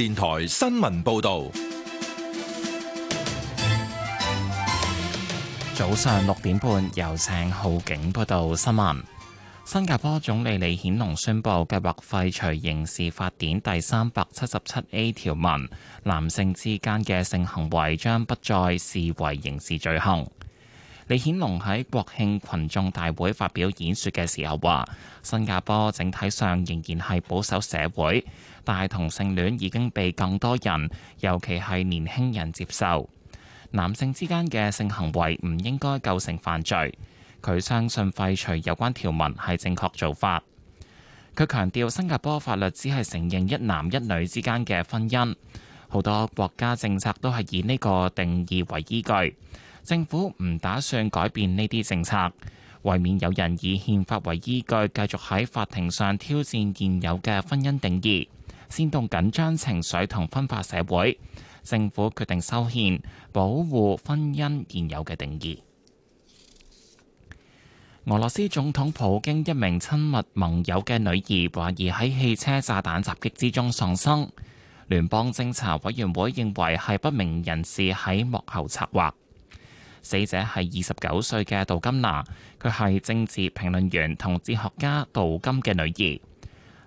電台新聞報道，早上六點半，由鄭浩景報道新聞。新加坡總理李顯龍宣布，計劃廢除刑事法典第三百七十七 A 條文，男性之間嘅性行為將不再視為刑事罪行。李顯龍喺國慶群眾大會發表演說嘅時候話，新加坡整體上仍然係保守社會，但係同性戀已經被更多人，尤其係年輕人接受。男性之間嘅性行為唔應該構成犯罪。佢相信廢除有關條文係正確做法。佢強調，新加坡法律只係承認一男一女之間嘅婚姻，好多國家政策都係以呢個定義為依據。政府唔打算改變呢啲政策，為免有人以憲法為依據繼續喺法庭上挑戰現有嘅婚姻定義，煽動緊張情緒同分化社會。政府決定修憲，保護婚姻現有嘅定義。俄羅斯總統普京一名親密盟友嘅女兒懷疑喺汽車炸彈襲擊之中喪生。聯邦偵查委員會認為係不明人士喺幕後策劃。死者係二十九歲嘅杜金娜，佢係政治評論員同哲學家杜金嘅女兒。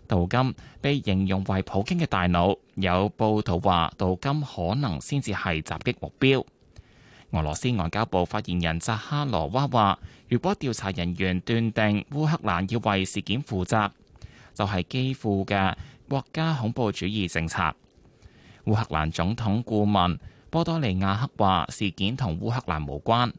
杜金被形容為普京嘅大腦，有報道話杜金可能先至係襲擊目標。俄羅斯外交部發言人扎哈羅娃話：如果調查人員斷定烏克蘭要為事件負責，就係、是、基輔嘅國家恐怖主義政策。烏克蘭總統顧問波多利亞克話：事件同烏克蘭無關。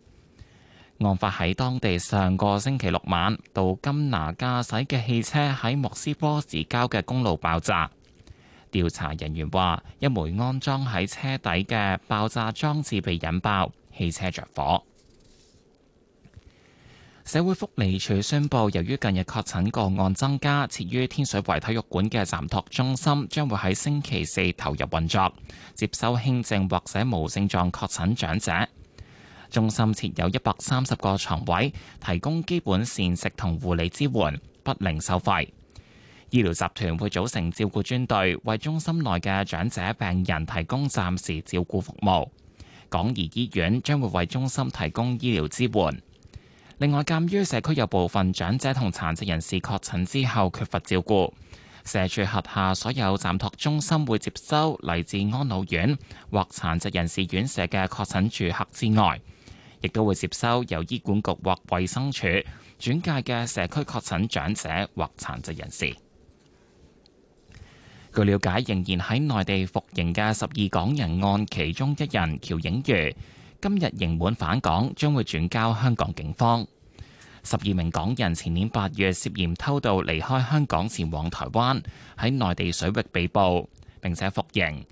案發喺當地上個星期六晚，杜金拿駕駛嘅汽車喺莫斯科市郊嘅公路爆炸。調查人員話，一枚安裝喺車底嘅爆炸裝置被引爆，汽車着火。社會福利署宣布，由於近日確診個案增加，設於天水圍體育館嘅暫托中心將會喺星期四投入運作，接收輕症或者無症狀確診長者。中心設有一百三十個床位，提供基本膳食同護理支援，不另收費。醫療集團會組成照顧專隊，為中心內嘅長者病人提供暫時照顧服務。港怡醫院將會為中心提供醫療支援。另外，鑒於社區有部分長者同殘疾人士確診之後缺乏照顧，社署轄下所有暫託中心會接收嚟自安老院或殘疾人士院舍嘅確診住客之外，亦都會接收由醫管局或衛生署轉介嘅社區確診長者或殘疾人士。據了解，仍然喺內地服刑嘅十二港人案其中一人喬映瑜，今日刑滿返港，將會轉交香港警方。十二名港人前年八月涉嫌偷渡離開香港前往台灣，喺內地水域被捕，並且服刑。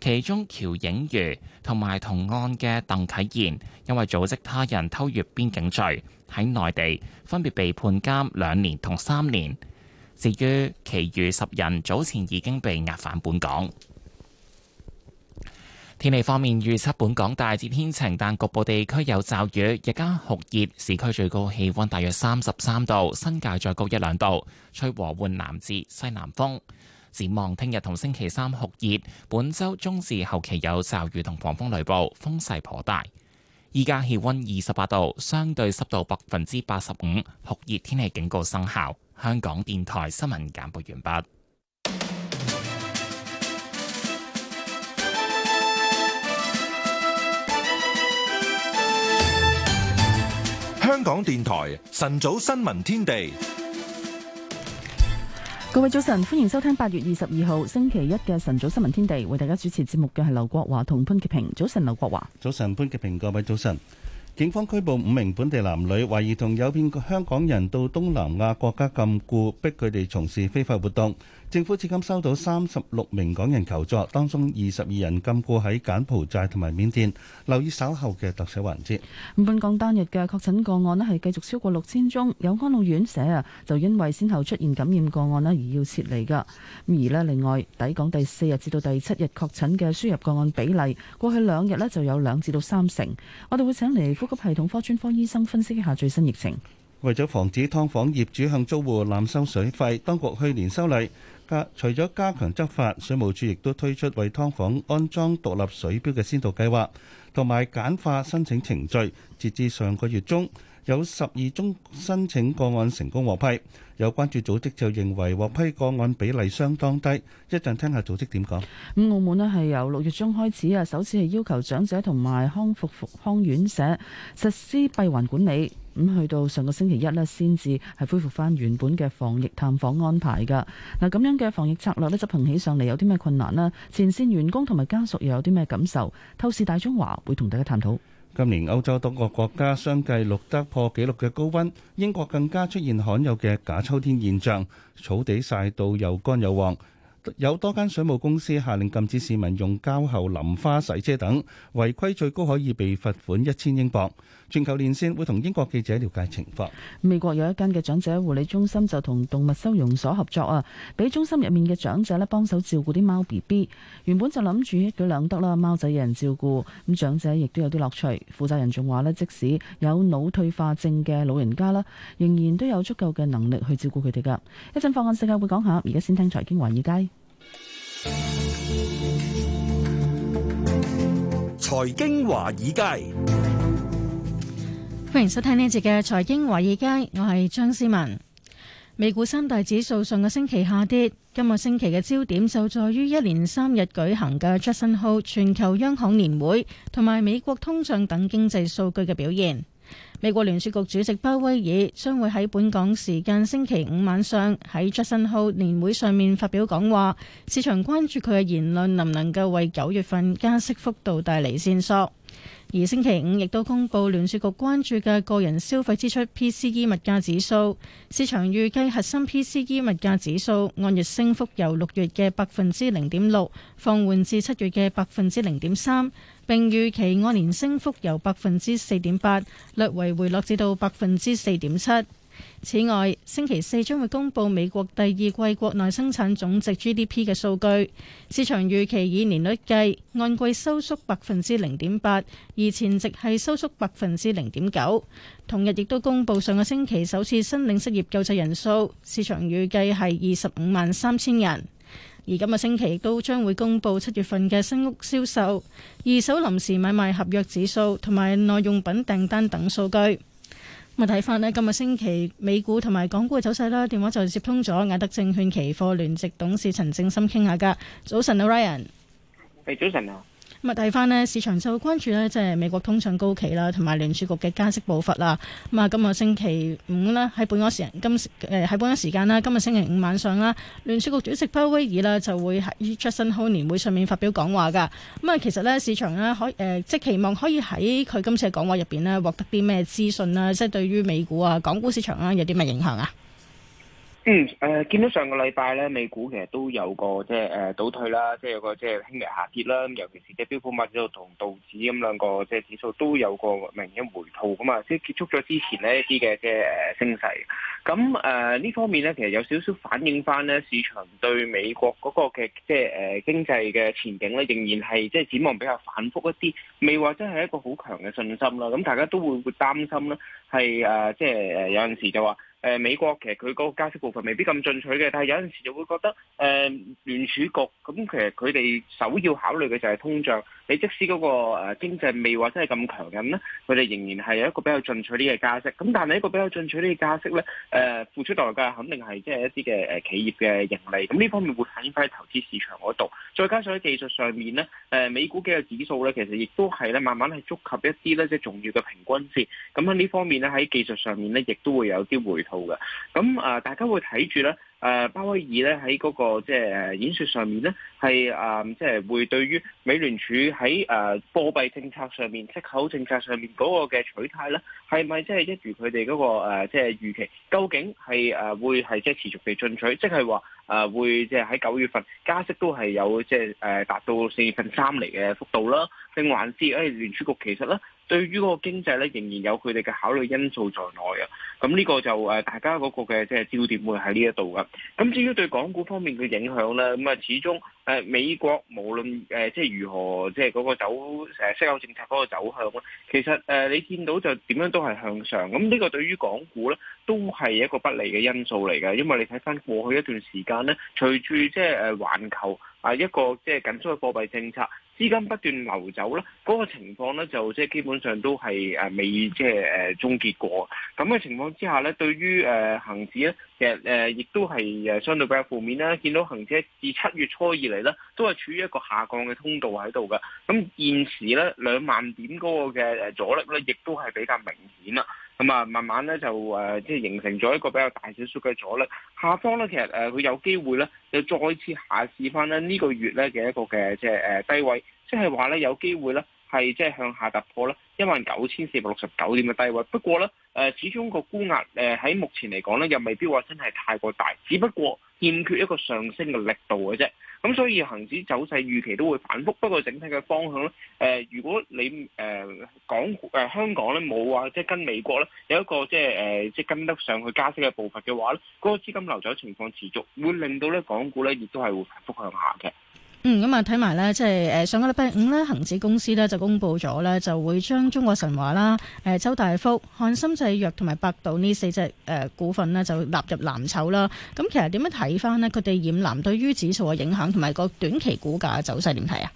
其中喬映瑜同埋同案嘅鄧棨然，因為組織他人偷越邊境罪，喺內地分別被判監兩年同三年。至於其餘十人，早前已經被押返本港。天氣方面預測，本港大致天晴，但局部地區有驟雨，日間酷熱，市區最高氣溫大約三十三度，新界再高一兩度，吹和緩南至西南風。展望聽日同星期三酷熱，本周中至後期有驟雨同狂風雷暴，風勢頗大。依家氣溫二十八度，相對濕度百分之八十五，酷熱天氣警告生效。香港電台新聞簡報完畢。香港電台晨早新聞天地，各位早晨，歡迎收聽八月二十二號星期一嘅晨早新聞天地，為大家主持節目嘅係劉國華同潘潔平。早晨，劉國華，早晨，潘潔平，各位早晨。警方拘捕五名本地男女，懷疑同有片香港人到東南亞國家禁錮，逼佢哋從事非法活動。政府至今收到三十六名港人求助，當中二十二人禁錮喺柬埔寨同埋緬甸。留意稍後嘅特寫環節。本港當日嘅確診個案呢，係繼續超過六千宗，有安老院舍啊就因為先後出現感染個案咧而要撤離噶。而呢，另外，抵港第四日至到第七日確診嘅輸入個案比例，過去兩日呢就有兩至到三成。我哋會請嚟呼吸系統科專科醫生分析一下最新疫情。為咗防止劏房業主向租戶濫收水費，當局去年修例。除咗加強執法，水務署亦都推出為劏房安裝獨立水表嘅先導計劃，同埋簡化申請程序。截至上個月中，有十二宗申請個案成功獲批。有關注組織就認為獲批個案比例相當低，一陣聽下組織點講。澳門咧係由六月中開始啊，首次係要求長者同埋康復復康院舍實施閉環管理。咁去到上個星期一咧，先至係恢復翻原本嘅防疫探訪安排噶。嗱，咁樣嘅防疫策略咧，執行起上嚟有啲咩困難呢？前線員工同埋家屬又有啲咩感受？透視大中華會同大家探討。今年歐洲多個國家相繼錄得破紀錄嘅高溫，英國更加出現罕有嘅假秋天現象，草地曬到又乾又黃。有多間水務公司下令禁止市民用膠喉、淋花洗車等，違規最高可以被罰款一千英鎊。全球連線會同英國記者了解情況。美國有一間嘅長者護理中心就同動物收容所合作啊，俾中心入面嘅長者咧幫手照顧啲貓 BB。原本就諗住一舉兩得啦，貓仔有人照顧，咁長者亦都有啲樂趣。負責人仲話咧，即使有腦退化症嘅老人家啦，仍然都有足夠嘅能力去照顧佢哋㗎。一陣放眼世界會講下，而家先聽財經華爾街。財經華爾街。歡迎收聽呢一節嘅財經華爾街，我係張思文。美股三大指數上個星期下跌，今個星期嘅焦點就在於一連三日舉行嘅 Jackson Hole 全球央行年會，同埋美國通脹等經濟數據嘅表現。美國聯儲局主席鮑威爾將會喺本港時間星期五晚上喺 Jackson Hole 年會上面發表講話，市場關注佢嘅言論能唔能夠為九月份加息幅度帶嚟線索。而星期五亦都公布聯儲局關注嘅個人消費支出 （PCE） 物價指數，市場預計核心 PCE 物價指數按月升幅由六月嘅百分之零點六放緩至七月嘅百分之零點三，並預期按年升幅由百分之四點八略為回落至到百分之四點七。此外，星期四將會公布美國第二季國內生產總值 GDP 嘅數據，市場預期以年率計按季收縮百分之零點八，而前值係收縮百分之零點九。同日亦都公布上個星期首次申領失業救濟人數，市場預計係二十五萬三千人。而今個星期都將會公布七月份嘅新屋銷售、二手臨時買賣合約指數同埋耐用品訂單等數據。咁啊睇返呢，今日星期美股同埋港股嘅走勢啦，電話就接通咗亞德證券期貨聯席董事陳正深傾下噶。早晨啊，Ryan。誒，早晨啊。咁啊，睇翻咧，市場就會關注咧，即係美國通脹高企啦，同埋聯儲局嘅加息步伐啦。咁啊，今個星期五咧，喺本港時，今誒喺、呃、本港時間啦，今日星期五晚上啦，聯儲局主席鮑威爾啦就會喺出新開年會上面發表講話噶。咁、嗯、啊，其實咧，市場咧可誒，即期望可以喺佢今次嘅講話入邊咧獲得啲咩資訊啦、啊，即係對於美股啊、港股市場啦、啊、有啲咩影響啊？嗯、啊，誒見到上個禮拜咧，美股其實都有個即係誒倒退啦，即係有個即係輕微下跌啦。咁尤其是即係標普指數同道指咁兩個即係指數都有個明顯回吐，咁啊，即係結束咗之前呢一啲嘅即係誒升勢。咁誒呢方面咧，其實有少少反映翻咧，市場對美國嗰個嘅即係誒經濟嘅前景咧，仍然係即係展望比較反覆一啲，未話真係一個好強嘅信心啦。咁大家都會會擔心咧，係誒即係誒有陣時就話。誒、呃、美國其實佢嗰個加息部分未必咁進取嘅，但係有陣時就會覺得誒、呃、聯儲局，咁其實佢哋首要考慮嘅就係通脹。你即使嗰個誒經濟未話真係咁強勁咧，佢哋仍然係有一個比較進取啲嘅加息。咁但係一個比較進取啲嘅加息咧，誒、呃、付出代價肯定係即係一啲嘅誒企業嘅盈利。咁呢方面會反映翻喺投資市場嗰度。再加上喺技術上面咧，誒、呃、美股嘅指數咧，其實亦都係咧慢慢係觸及一啲咧即係重要嘅平均線。咁喺呢方面咧，喺技術上面咧，亦都會有啲回吐嘅。咁啊、呃，大家會睇住咧。誒、呃，鮑威爾咧喺嗰個即係誒演說上面咧，係誒即係會對於美聯儲喺誒貨幣政策上面、息口政策上面嗰個嘅取態咧，係咪即係一如佢哋嗰個即係預期？究竟係誒、呃、會係即係持續地進取，即係話誒會即係喺九月份加息都係有即係誒達到四分三厘嘅幅度啦？定還是誒聯儲局其實咧？對於嗰個經濟咧，仍然有佢哋嘅考慮因素在內啊。咁呢個就誒，大家嗰個嘅即係焦點會喺呢一度噶。咁至於對港股方面嘅影響咧，咁啊始終誒、呃、美國無論誒、呃、即係如何即係嗰個走誒息口政策嗰個走向咧，其實誒、呃、你見到就點樣都係向上。咁呢個對於港股咧，都係一個不利嘅因素嚟嘅，因為你睇返過去一段時間咧，隨住即係誒環球。啊，一個即係緊縮嘅貨幣政策，資金不斷流走咧，嗰、那個情況咧就即係基本上都係誒未即係誒終結過。咁嘅情況之下咧，對於誒恆指咧，其實誒亦都係誒相對比較負面啦。見到恆指自七月初以嚟咧，都係處於一個下降嘅通道喺度嘅。咁現時咧兩萬點嗰個嘅誒阻力咧，亦都係比較明顯啦。咁啊，慢慢咧就誒，即係形成咗一個比較大少少嘅阻力。下方咧，其實誒，佢有機會咧，就再次下試翻咧呢個月咧嘅一個嘅即係誒低位，即係話咧有機會咧係即係向下突破咧一萬九千四百六十九點嘅低位。不過咧，誒，始終個沽壓誒喺目前嚟講咧，又未必話真係太過大，只不過欠缺一個上升嘅力度嘅啫。咁所以恒指走勢預期都會反覆。不過整體嘅方向咧，誒、呃，如果你誒、呃、港誒、呃、香港咧冇話即係跟美國咧有一個即係誒、呃、即係跟得上去加息嘅步伐嘅話咧，嗰、那個資金流走情況持續，會令到咧港股咧亦都係會反覆向下嘅。嗯，咁啊，睇埋咧，即係誒，上個禮拜五咧，恒指公司咧就公布咗咧，就會將中國神華啦、誒周大福、翰森製藥同埋百度呢四隻誒股份呢就納入藍籌啦。咁其實點樣睇翻呢？佢哋染藍對於指數嘅影響同埋個短期股價嘅走勢點睇啊？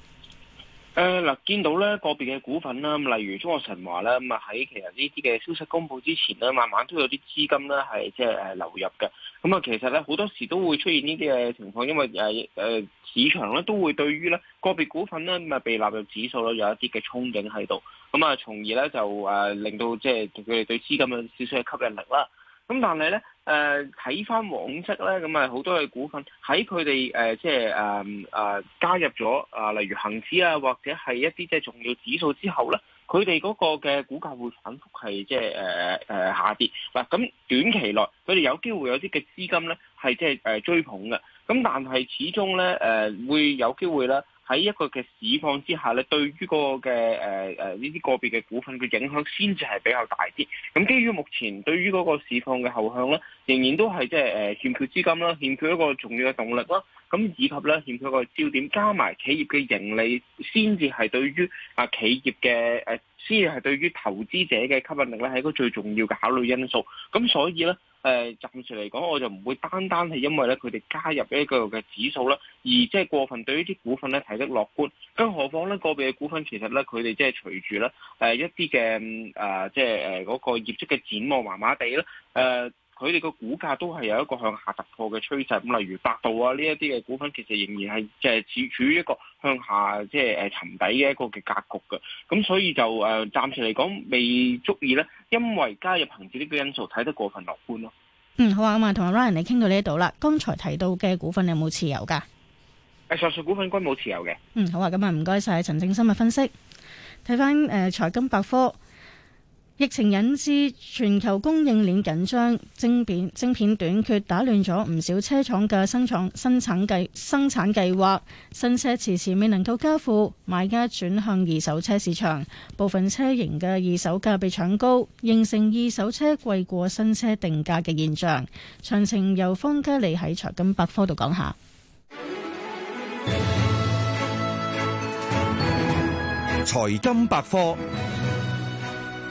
誒，嗱、呃，見到咧個別嘅股份啦，例如中國神華啦，咁啊喺其實呢啲嘅消息公布之前咧，慢慢都有啲資金咧係即係誒流入嘅。咁、嗯、啊，其實咧好多時都會出現呢啲嘅情況，因為誒誒、呃、市場咧都會對於咧個別股份咧咁啊被納入指數咯，有一啲嘅憧憬喺度。咁、嗯、啊，從而咧就誒、呃、令到即係佢哋對資金有少少嘅吸引力啦。咁但係咧，誒睇翻往績咧，咁啊好多嘅股份喺佢哋誒，即係誒誒加入咗啊、呃，例如恒指啊，或者係一啲即係重要指數之後咧，佢哋嗰個嘅股價會反覆係即係誒誒下跌。嗱、啊，咁短期內佢哋有機會有啲嘅資金咧，係即係誒追捧嘅。咁但係始終咧，誒、呃、會有機會啦。喺一個嘅市況之下咧，對於個嘅誒誒呢啲個別嘅股份嘅影響先至係比較大啲。咁基於目前對於嗰個市況嘅後向咧，仍然都係即係誒欠缺資金啦，欠缺一個重要嘅動力啦。咁以及咧，欠缺一個焦點，加埋企業嘅盈利先至係對於啊企業嘅誒，先至係對於投資者嘅吸引力咧，係一個最重要嘅考慮因素。咁所以咧。誒、呃、暫時嚟講，我就唔會單單係因為咧佢哋加入一個嘅指數啦，而即係過分對於啲股份咧睇得樂觀，更何況咧個別嘅股份其實咧佢哋即係隨住咧誒一啲嘅誒即係誒嗰個業績嘅展望麻麻地咧誒。呃佢哋嘅股價都係有一個向下突破嘅趨勢，咁例如百度啊呢一啲嘅股份，其實仍然係即係處處於一個向下即係誒沉底嘅一個嘅格局嘅，咁、嗯、所以就誒暫、呃、時嚟講未足以咧，因為加入恒指呢個因素睇得過分樂觀咯、啊。嗯，好啊，咁啊，同阿 Ryan 你傾到呢一度啦，剛才提到嘅股份有冇持有噶？誒、欸，上述股份均冇持有嘅。嗯，好啊，咁啊，唔該晒陳正深嘅分析。睇翻誒財金百科。疫情引致全球供應鏈緊張，晶片晶片短缺打亂咗唔少車廠嘅生產生產計生產計劃，新車遲遲未能夠交付，買家轉向二手車市場，部分車型嘅二手價被搶高，形成二手車貴過新車定價嘅現象。詳情由方嘉利喺財金百科度講下，財金百科。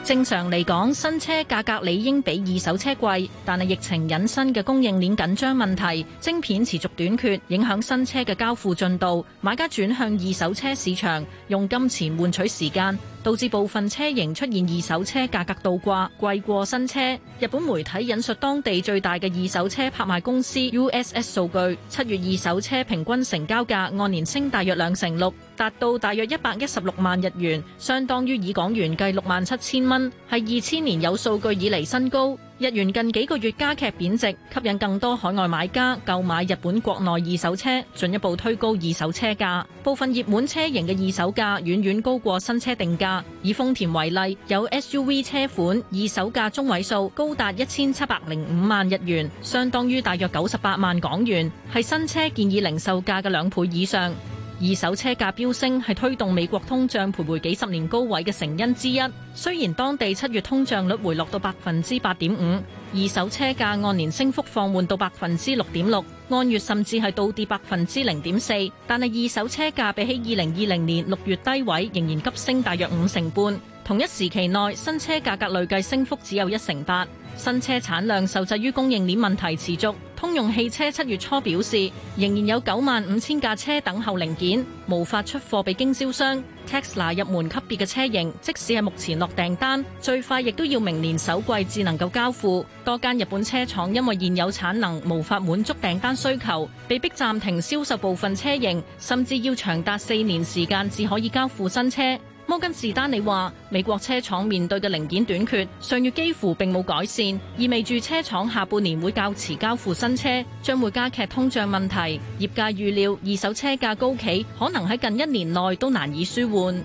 正常嚟講，新車價格理應比二手車貴，但係疫情引申嘅供應鏈緊張問題，晶片持續短缺，影響新車嘅交付進度，買家轉向二手車市場，用金錢換取時間。導致部分車型出現二手車價格倒掛，貴過新車。日本媒體引述當地最大嘅二手車拍賣公司 USS 數據，七月二手車平均成交價按年升大約兩成六，達到大約一百一十六萬日元，相當於以港元計六萬七千蚊，係二千年有數據以嚟新高。日元近幾個月加劇貶值，吸引更多海外買家購買日本國內二手車，進一步推高二手車價。部分熱門車型嘅二手價遠遠高過新車定價。以豐田為例，有 SUV 車款二手價中位數高達一千七百零五萬日元，相當於大約九十八萬港元，係新車建議零售價嘅兩倍以上。二手車價飆升係推動美國通脹徘徊幾十年高位嘅成因之一。雖然當地七月通脹率回落到百分之八點五，二手車價按年升幅放緩到百分之六點六，按月甚至係倒跌百分之零點四，但係二手車價比起二零二零年六月低位仍然急升大約五成半。同一時期內，新車價格累計升幅只有一成八，新車產量受制於供應鏈問題持續。通用汽車七月初表示，仍然有九萬五千架車等候零件，無法出貨俾經銷商。Tesla 入門級別嘅車型，即使係目前落訂單，最快亦都要明年首季至能夠交付。多間日本車廠因為現有產能無法滿足訂單需求，被逼暫停銷售部分車型，甚至要長達四年時間至可以交付新車。摩根士丹利話，美國車廠面對嘅零件短缺，上月幾乎並冇改善，意味住車廠下半年會較遲交付新車，將會加劇通脹問題。業界預料二手車價高企，可能喺近一年內都難以舒緩。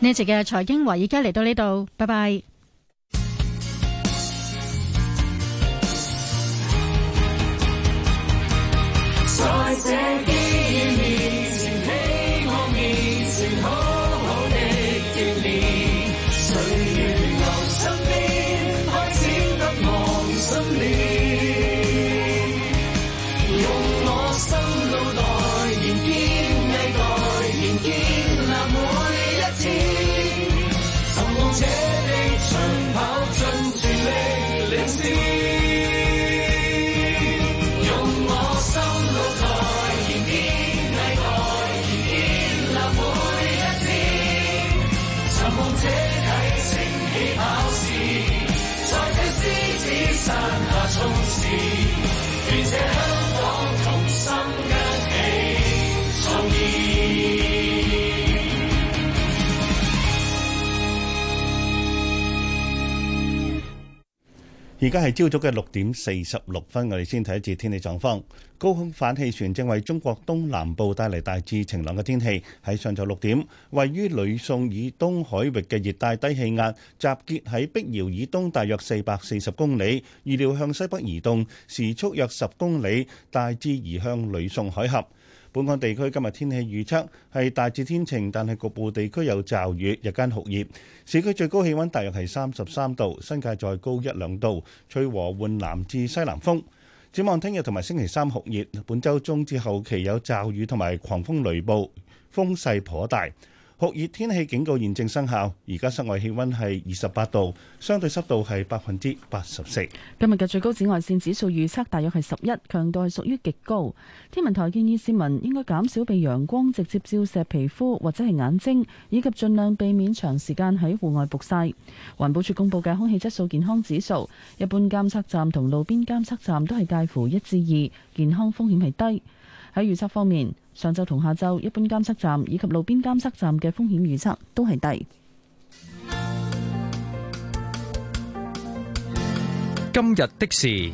呢集嘅財經話而家嚟到呢度，拜拜。 而家係朝早嘅六點四十六分，我哋先睇一次天氣狀況。高空反氣旋正為中國東南部帶嚟大致晴朗嘅天氣。喺上晝六點，位於呂宋以東海域嘅熱帶低氣壓集結喺碧瑤以東大約四百四十公里，預料向西北移動，時速約十公里，大致移向呂宋海峽。本港地區今日天氣預測係大致天晴，但係局部地區有驟雨，日間酷熱。市區最高氣溫大約係三十三度，新界再高一兩度。吹和緩南至西南風。展望聽日同埋星期三酷熱，本週中至後期有驟雨同埋狂風雷暴，風勢頗大。酷熱天氣警告現正生效，而家室外氣溫係二十八度，相對濕度係百分之八十四。今日嘅最高紫外線指數預測大約係十一，強度係屬於極高。天文台建議市民應該減少被陽光直接照射皮膚或者係眼睛，以及盡量避免長時間喺戶外曝晒。環保署公布嘅空氣質素健康指數，一般監測站同路邊監測站都係介乎一至二，健康風險係低。喺預測方面。上晝同下晝，一般監測站以及路邊監測站嘅風險預測都係低。今日的事，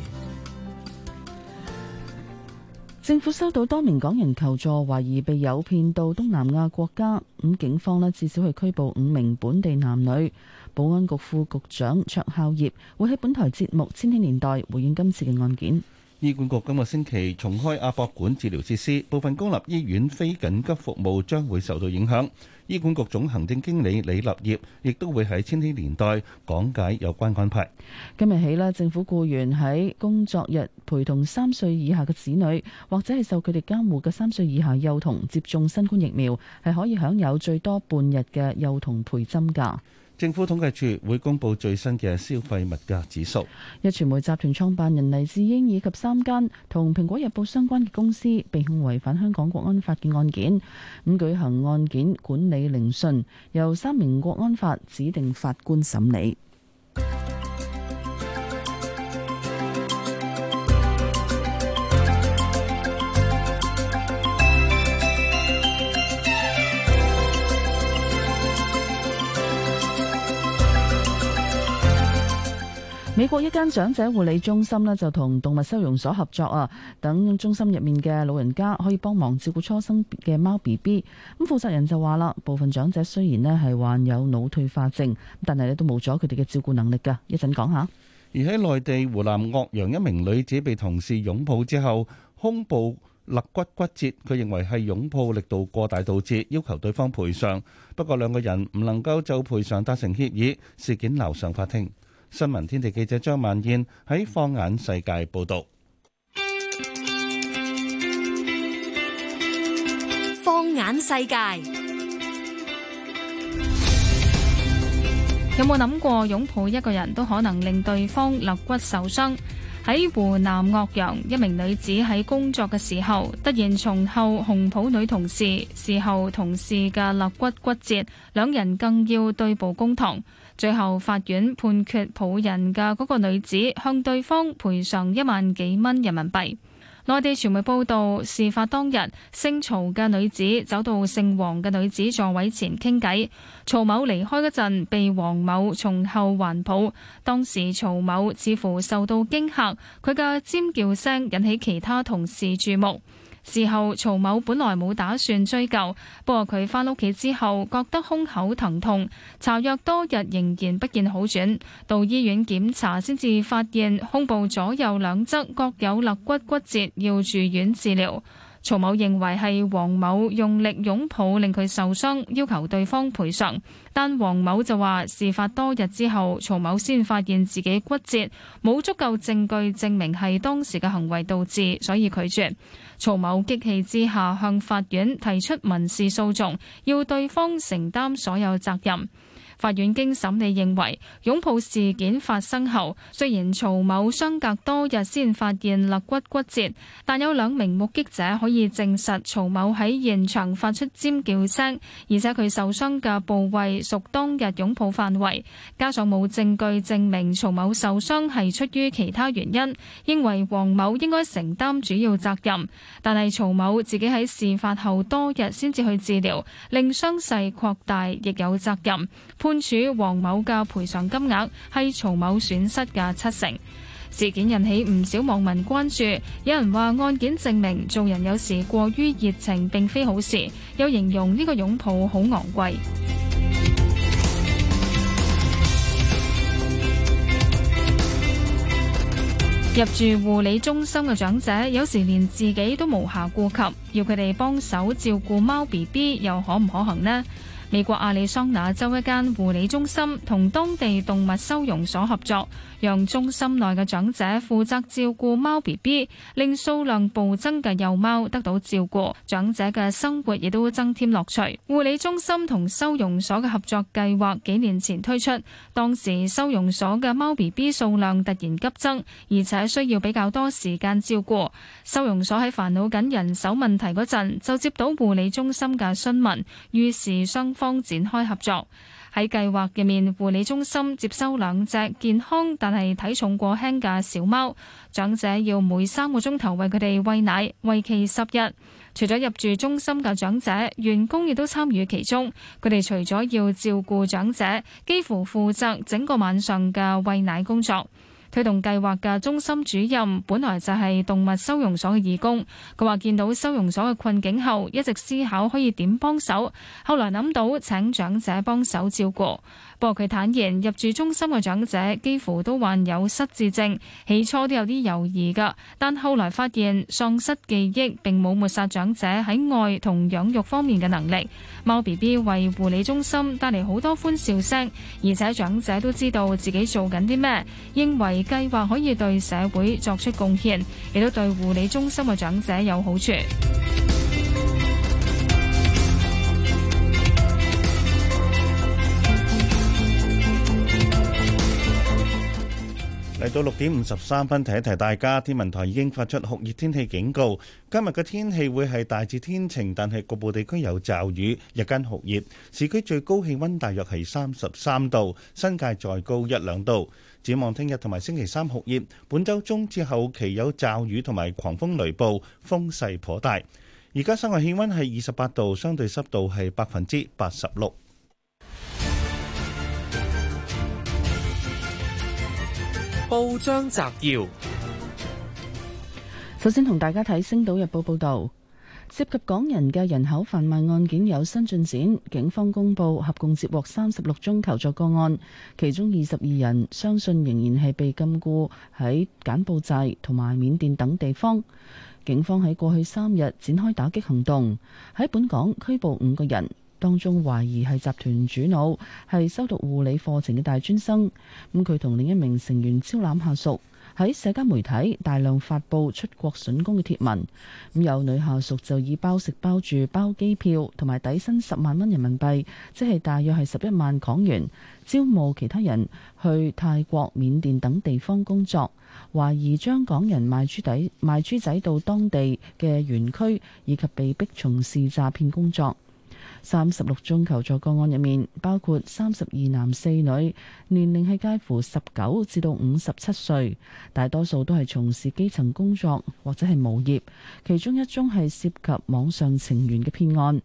政府收到多名港人求助，懷疑被誘騙到東南亞國家。咁警方呢，至少係拘捕五名本地男女。保安局副局長卓孝業會喺本台節目《千禧年代》回應今次嘅案件。醫管局今個星期重開亞博館治療設施，部分公立醫院非緊急服務將會受到影響。醫管局總行政經理李立業亦都會喺千禧年代講解有關安排。今日起咧，政府僱員喺工作日陪同三歲以下嘅子女或者係受佢哋監護嘅三歲以下幼童接種新冠疫苗，係可以享有最多半日嘅幼童陪診假。政府統計處會公布最新嘅消費物價指數。壹傳媒集團創辦人黎智英以及三間同《蘋果日報》相關嘅公司被控違反香港國安法嘅案件，咁舉行案件管理聆訊，由三名國安法指定法官審理。美國一間長者護理中心咧就同動物收容所合作啊，等中心入面嘅老人家可以幫忙照顧初生嘅貓 B B。咁負責人就話啦，部分長者雖然咧係患有腦退化症，但係都冇咗佢哋嘅照顧能力噶。一陣講下。而喺內地湖南岳陽，一名女子被同事擁抱之後，胸部肋骨骨折，佢認為係擁抱力度過大導致，要求對方賠償。不過兩個人唔能夠就賠償達成協議，事件鬧上法庭。新聞天地記者張萬燕喺放眼世界報道。放眼世界，有冇諗過擁抱一個人都可能令對方肋骨受傷？喺湖南岳陽，一名女子喺工作嘅時候突然從後熊抱女同事，事後同事嘅肋骨骨折，兩人更要對簿公堂。最後法院判決，抱人嘅嗰個女子向對方賠償一萬幾蚊人民幣。內地傳媒報道，事發當日，姓曹嘅女子走到姓黃嘅女子座位前傾偈，曹某離開嗰陣被黃某從後環抱，當時曹某似乎受到驚吓，佢嘅尖叫聲引起其他同事注目。事後，曹某本來冇打算追究，不過佢翻屋企之後，覺得胸口疼痛，查藥多日仍然不見好轉，到醫院檢查先至發現胸部左右兩側各有肋骨骨折，要住院治療。曹某認為係黃某用力擁抱令佢受傷，要求對方賠償，但黃某就話事發多日之後，曹某先發現自己骨折，冇足夠證據證明係當時嘅行為導致，所以拒絕。曹某激氣之下向法院提出民事訴訟，要對方承擔所有責任。法院經審理認為，擁抱事件發生後，雖然曹某相隔多日先發現肋骨骨折，但有兩名目擊者可以證實曹某喺現場發出尖叫聲，而且佢受傷嘅部位屬當日擁抱範圍，加上冇證據證明曹某受傷係出於其他原因，認為黃某應該承擔主要責任。但係曹某自己喺事發後多日先至去治療，令傷勢擴大，亦有責任。判處黃某嘅賠償金額係曹某損失嘅七成。事件引起唔少網民關注，有人話案件證明做人有時過於熱情並非好事，又形容呢個擁抱好昂貴。入住護理中心嘅長者有時連自己都無暇顧及，要佢哋幫手照顧貓 BB，又可唔可行呢？美國亞利桑那州一間護理中心同當地動物收容所合作，讓中心內嘅長者負責照顧貓 BB，令數量暴增嘅幼貓得到照顧，長者嘅生活亦都增添樂趣。護理中心同收容所嘅合作計劃幾年前推出，當時收容所嘅貓 BB 數量突然急增，而且需要比較多時間照顧。收容所喺煩惱緊人手問題嗰陣，就接到護理中心嘅詢問，於是雙方。方展開合作，喺計劃入面，護理中心接收兩隻健康但係體重過輕嘅小貓，長者要每三個鐘頭為佢哋喂奶，為期十日。除咗入住中心嘅長者，員工亦都參與其中，佢哋除咗要照顧長者，幾乎負責整個晚上嘅喂奶工作。推動計劃嘅中心主任，本來就係動物收容所嘅義工。佢話見到收容所嘅困境後，一直思考可以點幫手。後來諗到請長者幫手照顧。不過佢坦言，入住中心嘅長者幾乎都患有失智症，起初都有啲猶豫噶，但後來發現喪失記憶並冇抹殺長者喺愛同養育方面嘅能力。貓 BB 為護理中心帶嚟好多歡笑聲，而且長者都知道自己做緊啲咩，認為計劃可以對社會作出貢獻，亦都對護理中心嘅長者有好處。嚟到六點五十三分，提一提大家，天文台已經發出酷熱天氣警告。今日嘅天氣會係大致天晴，但係局部地區有驟雨，日間酷熱。市區最高氣温大約係三十三度，新界再高一兩度。展望聽日同埋星期三酷熱，本週中至後期有驟雨同埋狂風雷暴，風勢頗大。而家室外氣温係二十八度，相對濕度係百分之八十六。報章摘要：首先同大家睇《星島日報》報道，涉及港人嘅人口販賣案件有新進展。警方公布合共接獲三十六宗求助個案，其中二十二人相信仍然係被禁錮喺柬埔寨同埋緬甸等地方。警方喺過去三日展開打擊行動，喺本港拘捕五個人。當中懷疑係集團主腦，係修讀護理課程嘅大專生。咁佢同另一名成員招攬下屬喺社交媒體大量發布出國筍工嘅貼文。咁有女下屬就以包食包住包機票同埋底薪十萬蚊人民幣，即係大約係十一萬港元，招募其他人去泰國、緬甸等地方工作。懷疑將港人賣豬仔賣豬仔到當地嘅園區，以及被逼從事詐騙工作。三十六宗求助個案入面，包括三十二男四女，年齡係介乎十九至到五十七歲，大多數都係從事基層工作或者係無業。其中一宗係涉及網上情緣嘅騙案。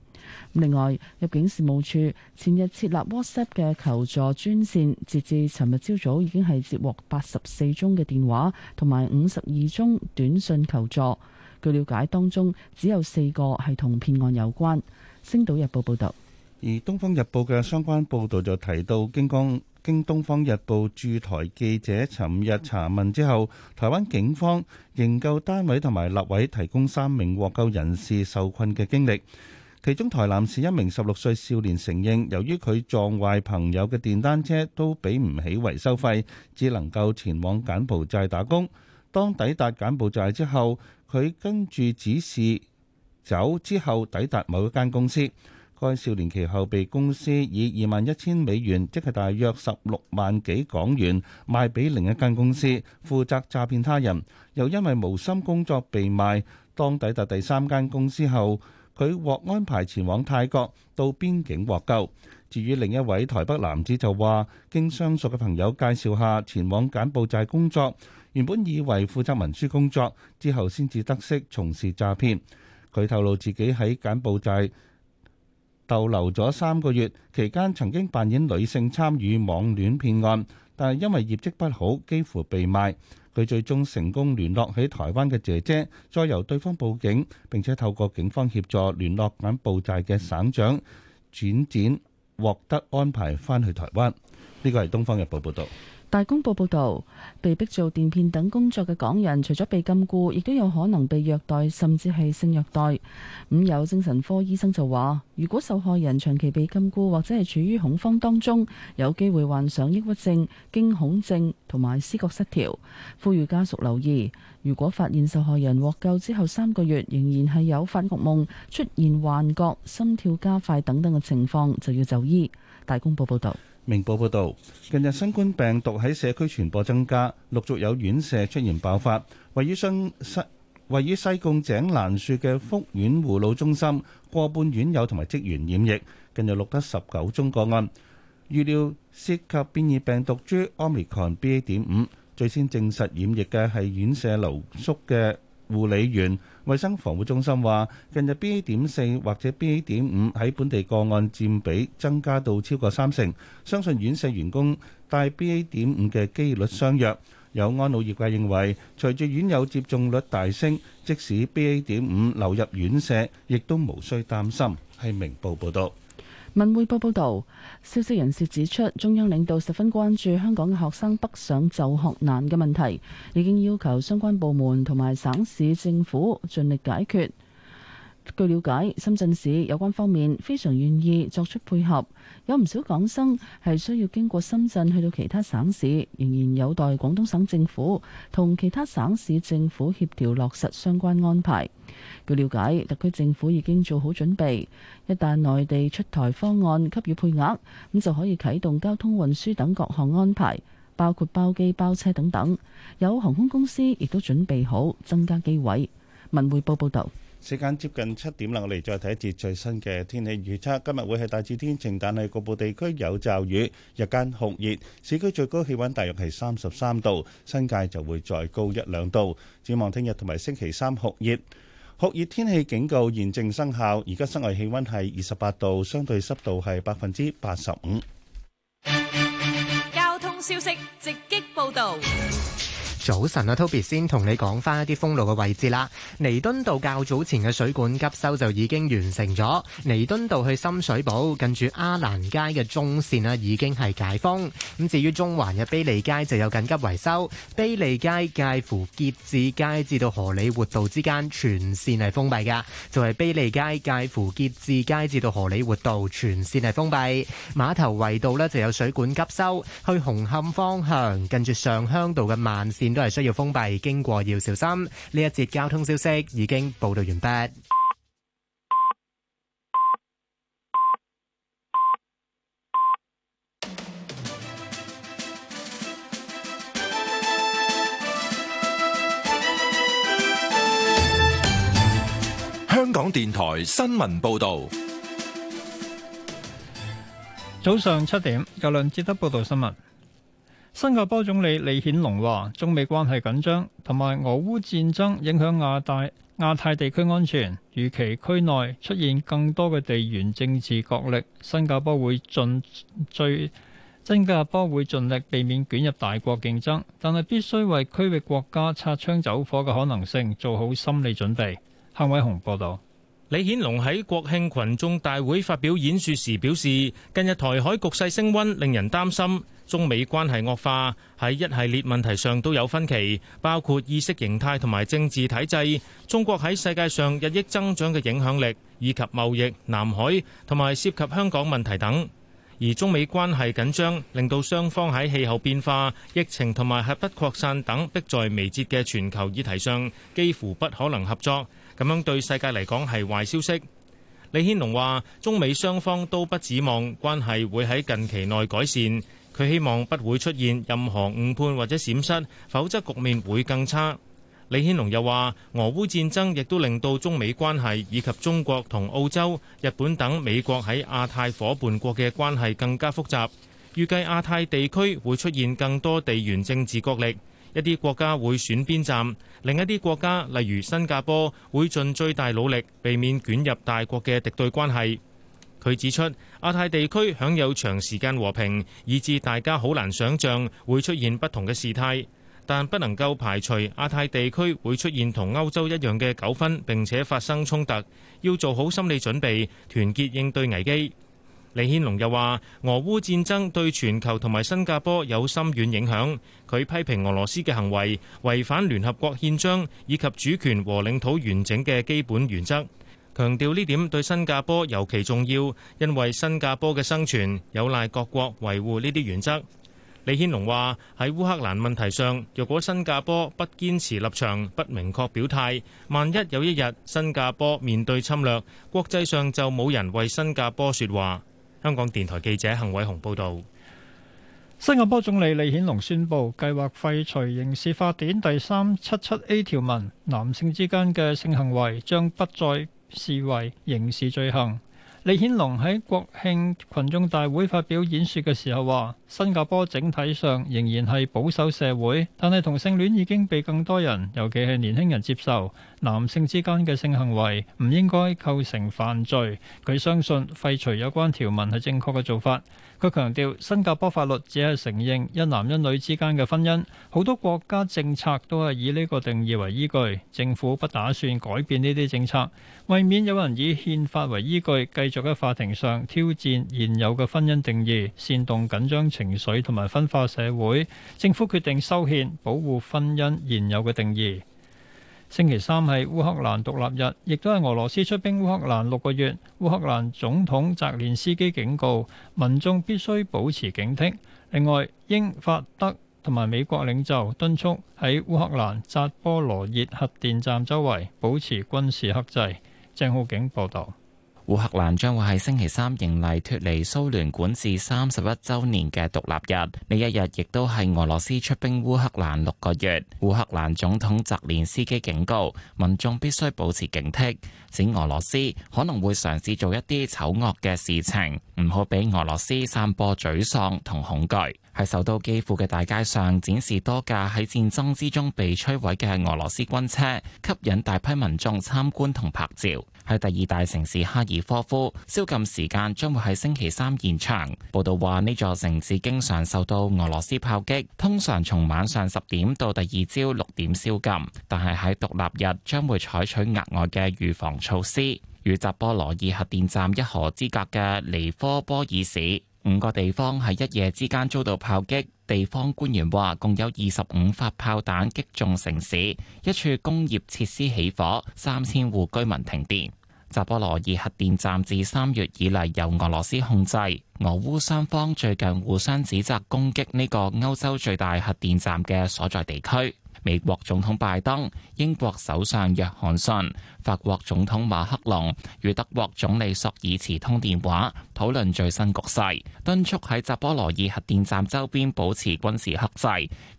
另外，入境事務處前日設立 WhatsApp 嘅求助專線，截至尋日朝早已經係接獲八十四宗嘅電話同埋五十二宗短信求助。據了解，當中只有四個係同騙案有關。星島日報報道，而東方日報嘅相關報道就提到，經江經東方日報駐台記者尋日查問之後，台灣警方營救單位同埋立委提供三名獲救人士受困嘅經歷，其中台南市一名十六歲少年承認，由於佢撞壞朋友嘅電單車，都俾唔起維修費，只能夠前往柬埔寨打工。當抵達柬埔寨之後，佢跟住指示，走之後，抵達某一間公司。該少年其後被公司以二萬一千美元，即係大約十六萬幾港元賣俾另一間公司，負責詐騙他人。又因為無心工作被賣。當抵達第三間公司後，佢獲安排前往泰國到邊境獲救。至於另一位台北男子就話，經相熟嘅朋友介紹下前往柬埔寨工作，原本以為負責文書工作，之後先至得悉從事詐騙。佢透露自己喺柬埔寨逗留咗三個月，期間曾經扮演女性參與網戀騙案，但係因為業績不好，幾乎被賣，佢最終成功聯絡喺台灣嘅姐姐，再由對方報警，並且透過警方協助聯絡柬埔寨嘅省長轉展，獲得安排翻去台灣，呢個係東方日報報道。大公報報導，被逼做電騙等工作嘅港人，除咗被禁錮，亦都有可能被虐待，甚至係性虐待。咁有精神科醫生就話，如果受害人長期被禁錮或者係處於恐慌當中，有機會患上抑鬱症、驚恐症同埋思覺失調。呼籲家屬留意，如果發現受害人獲救之後三個月仍然係有發噩夢、出現幻覺、心跳加快等等嘅情況，就要就醫。大公報報導。明報報導，近日新冠病毒喺社區傳播增加，陸續有院舍出現爆發。位於新西位於西貢井欄樹嘅福苑護老中心，過半院友同埋職員染疫，近日錄得十九宗個案。預料涉及變異病毒株 Omicron BA. 點五。5, 最先證實染疫嘅係院舍留宿嘅護理員。衛生防護中心話，近日 BA.4 或者 BA.5 喺本地個案佔比增加到超過三成，相信院舍員工帶 BA.5 嘅機率相若。有安老業界認為，隨住院友接種率大升，即使 BA.5 流入院舍，亦都無需擔心。係明報報道。文匯報報道，消息人士指出，中央領導十分關注香港嘅學生北上就學難嘅問題，已經要求相關部門同埋省市政府盡力解決。據了解，深圳市有關方面非常願意作出配合，有唔少港生係需要經過深圳去到其他省市，仍然有待廣東省政府同其他省市政府協調落實相關安排。據了解，特區政府已經做好準備，一旦內地出台方案給予配額，咁就可以啟動交通運輸等各項安排，包括包機、包車等等。有航空公司亦都準備好增加機位。文匯報報道。時間接近七點啦，我哋再睇一節最新嘅天氣預測。今日會係大致天晴，但係局部地區有驟雨。日間酷熱，市區最高氣溫大約係三十三度，新界就會再高一兩度。展望聽日同埋星期三，酷熱。酷熱天氣警告現正生效。而家室外氣溫係二十八度，相對濕度係百分之八十五。交通消息，直擊報道。早晨啊，Toby 先同你講翻一啲封路嘅位置啦。彌敦道較早前嘅水管急修就已經完成咗。彌敦道去深水埗近住阿蘭街嘅中綫啦，已經係解封。咁至於中環嘅卑利街就有緊急維修，卑利街介乎結志街至到荷里活道之間全綫係封閉噶，就係、是、卑利街介乎結志街至到荷里活道全綫係封閉。碼頭圍道呢就有水管急修。去紅磡方向近住上鄉道嘅慢綫。都係需要封閉，經過要小心。呢一節交通消息已經報道完畢。香港電台新聞報導，早上七點，由梁志德報道新聞。新加坡總理李顯龍話：中美關係緊張，同埋俄烏戰爭影響亞太亞太地區安全，預期區內出現更多嘅地緣政治角力。新加坡會盡最新加坡會盡力避免捲入大國競爭，但係必須為區域國家擦槍走火嘅可能性做好心理準備。夏偉雄報道。李顯龍喺國慶群眾大會發表演說時表示：近日台海局勢升溫，令人擔心。中美關係惡化，喺一系列問題上都有分歧，包括意識形態同埋政治體制，中國喺世界上日益增長嘅影響力，以及貿易、南海同埋涉及香港問題等。而中美關係緊張令到雙方喺氣候變化、疫情同埋核不擴散等迫在眉睫嘅全球議題上幾乎不可能合作，咁樣對世界嚟講，係壞消息。李顯龍話中美雙方都不指望關係會喺近期內改善。佢希望不會出現任何誤判或者閃失，否則局面會更差。李顯龍又話：俄烏戰爭亦都令到中美關係以及中國同澳洲、日本等美國喺亞太夥伴國嘅關係更加複雜。預計亞太地區會出現更多地緣政治角力，一啲國家會選邊站，另一啲國家例如新加坡會盡最大努力避免捲入大國嘅敵對關係。佢指出，亞太地區享有長時間和平，以致大家好難想像會出現不同嘅事態。但不能夠排除亞太地區會出現同歐洲一樣嘅糾紛，並且發生衝突。要做好心理準備，團結應對危機。李顯龍又話，俄烏戰爭對全球同埋新加坡有深遠影響。佢批評俄羅斯嘅行為，違反聯合國憲章以及主權和領土完整嘅基本原則。強調呢點對新加坡尤其重要，因為新加坡嘅生存有賴各國維護呢啲原則。李顯龍話喺烏克蘭問題上，若果新加坡不堅持立場，不明確表態，萬一有一日新加坡面對侵略，國際上就冇人為新加坡說話。香港電台記者幸偉雄報道。新加坡總理李顯龍宣布計劃廢除刑事法典第三七七 A 條文，男性之間嘅性行為將不再視為刑事罪行。李顯龍喺國慶群眾大會發表演說嘅時候話，新加坡整體上仍然係保守社會，但係同性戀已經被更多人，尤其係年輕人接受。男性之間嘅性行為唔應該構成犯罪。佢相信廢除有關條文係正確嘅做法。佢強調新加坡法律只係承認一男一女之間嘅婚姻，好多國家政策都係以呢個定義為依據，政府不打算改變呢啲政策，為免有人以憲法為依據繼續喺法庭上挑戰現有嘅婚姻定義煽動緊張。情緒同埋分化社會，政府決定修憲保護婚姻現有嘅定義。星期三係烏克蘭獨立日，亦都係俄羅斯出兵烏克蘭六個月。烏克蘭總統澤連斯基警告民眾必須保持警惕。另外，英法德同埋美國領袖敦促喺烏克蘭扎波羅熱核電站周圍保持軍事克制。鄭浩景報道。烏克蘭將會喺星期三迎嚟脫離蘇聯管治三十一周年嘅獨立日，呢一日亦都係俄羅斯出兵烏克蘭六個月。烏克蘭總統澤連斯基警告民眾必須保持警惕，指俄羅斯可能會嘗試做一啲醜惡嘅事情，唔好俾俄羅斯散播沮喪同恐懼。喺首都基輔嘅大街上展示多架喺戰爭之中被摧毀嘅俄羅斯軍車，吸引大批民眾參觀同拍照。喺第二大城市哈爾科夫，宵禁時間將會喺星期三延長。報道話呢座城市經常受到俄羅斯炮擊，通常從晚上十點到第二朝六點宵禁，但係喺獨立日將會採取額外嘅預防措施。與扎波羅爾核電站，站一河之隔嘅尼科波爾市五個地方喺一夜之間遭到炮擊，地方官員話共有二十五發炮彈擊中城市，一處工業設施起火，三千戶居民停電。扎波羅熱核電站自三月以嚟由俄羅斯控制，俄烏雙方最近互相指責攻擊呢個歐洲最大核電站嘅所在地區。美國總統拜登、英國首相約翰遜、法國總統馬克龍與德國總理索爾茨通電話，討論最新局勢，敦促喺扎波羅爾核電站周邊保持軍事克制。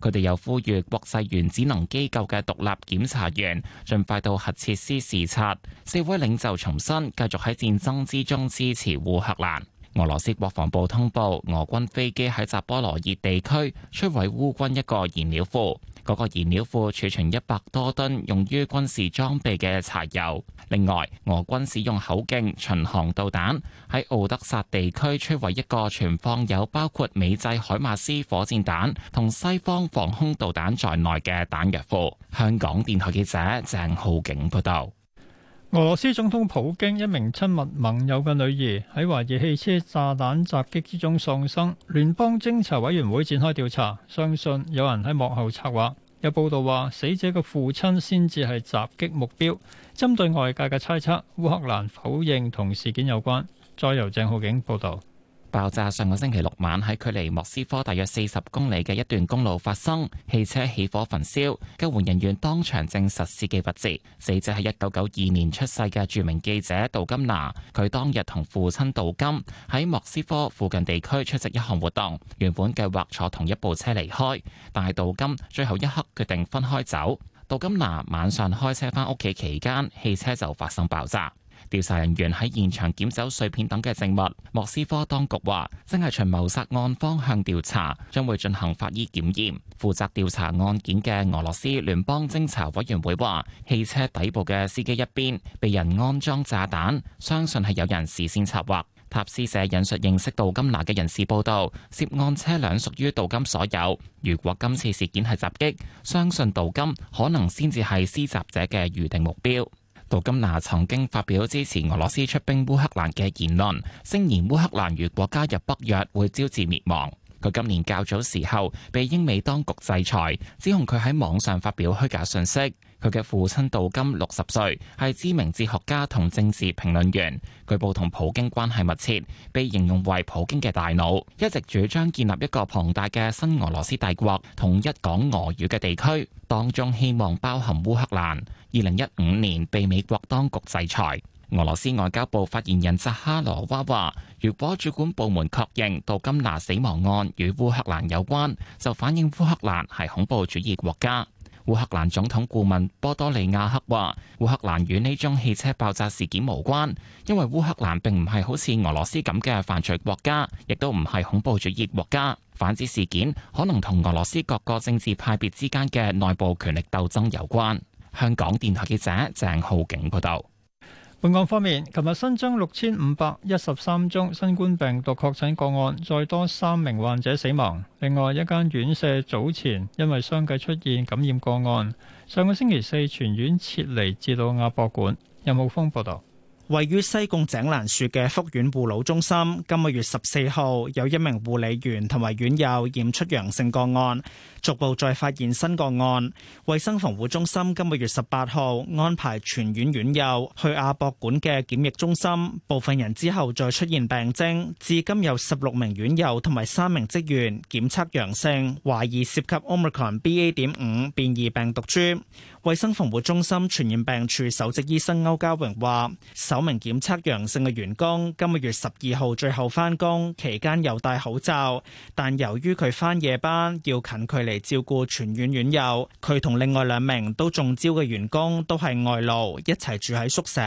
佢哋又呼籲國際原子能機構嘅獨立檢查員盡快到核設施視察。四位領袖重申繼續喺戰爭之中支持烏克蘭。俄羅斯國防部通報，俄軍飛機喺扎波羅爾地區摧毀烏軍一個燃料庫。嗰個燃料庫儲存一百多噸用於軍事裝備嘅柴油。另外，俄軍使用口徑巡航導彈喺奧德薩地區摧毀一個存放有包括美製海馬斯火箭彈同西方防空導彈在內嘅彈藥庫。香港電台記者鄭浩景報道。俄羅斯總統普京一名親密盟友嘅女兒喺懷疑汽車炸彈襲擊之中喪生，聯邦偵查委員會展開調查，相信有人喺幕後策劃。有報道話，死者嘅父親先至係襲擊目標。針對外界嘅猜測，烏克蘭否認同事件有關。再由鄭浩景報道。爆炸上個星期六晚喺距離莫斯科大約四十公里嘅一段公路發生，汽車起火焚燒，救援人員當場證實司機不治。死者係一九九二年出世嘅著名記者杜金娜。佢當日同父親杜金喺莫斯科附近地區出席一項活動，原本計劃坐同一部車離開，但係杜金最後一刻決定分開走。杜金娜晚上開車翻屋企期間，汽車就發生爆炸。調查人員喺現場檢走碎片等嘅證物。莫斯科當局話，正係循謀殺案方向調查，將會進行法醫檢驗。負責調查案件嘅俄羅斯聯邦偵查委員會話，汽車底部嘅司機一邊被人安裝炸彈，相信係有人事先策劃。塔斯社引述認識杜金娜嘅人士報道，涉案車輛屬於杜金所有。如果今次事件係襲擊，相信杜金可能先至係施襲者嘅預定目標。杜金娜曾經發表支持俄羅斯出兵烏克蘭嘅言論，聲言烏克蘭如果加入北約會招致滅亡。佢今年較早時候被英美當局制裁，指控佢喺網上發表虛假信息。佢嘅父親杜金六十歲，係知名哲學家同政治評論員，據報同普京關係密切，被形容為普京嘅大腦，一直主張建立一個龐大嘅新俄羅斯帝國，統一講俄語嘅地區，當中希望包含烏克蘭。二零一五年被美國當局制裁。俄羅斯外交部發言人扎哈羅娃話，如果主管部門確認杜金娜死亡案與烏克蘭有關，就反映烏克蘭係恐怖主義國家。烏克蘭總統顧問波多利亞克話：烏克蘭與呢宗汽車爆炸事件無關，因為烏克蘭並唔係好似俄羅斯咁嘅犯罪國家，亦都唔係恐怖主義國家。反之事件可能同俄羅斯各個政治派別之間嘅內部權力鬥爭有關。香港電台記者鄭浩景報道。本港方面，琴日新增六千五百一十三宗新冠病毒確診個案，再多三名患者死亡。另外，一間院舍早前因為相繼出現感染個案，上個星期四全院撤離至到亞博館。任浩峰報道。位於西貢井欄樹嘅福苑護老中心，今個月十四號有一名護理員同埋院友驗出陽性個案。逐步再發現新個案，衛生防護中心今個月十八號安排全院院友去亞博館嘅檢疫中心，部分人之後再出現病徵。至今有十六名院友同埋三名職員檢測陽性，懷疑涉及 Omicron BA.5 變異病毒株。衛生防護中心傳染病處首席醫生歐家榮話：首名檢測陽性嘅員工今個月十二號最後返工期間有戴口罩，但由於佢翻夜班要近距離。嚟照顧全院院友，佢同另外兩名都中招嘅員工都係外勞，一齊住喺宿舍。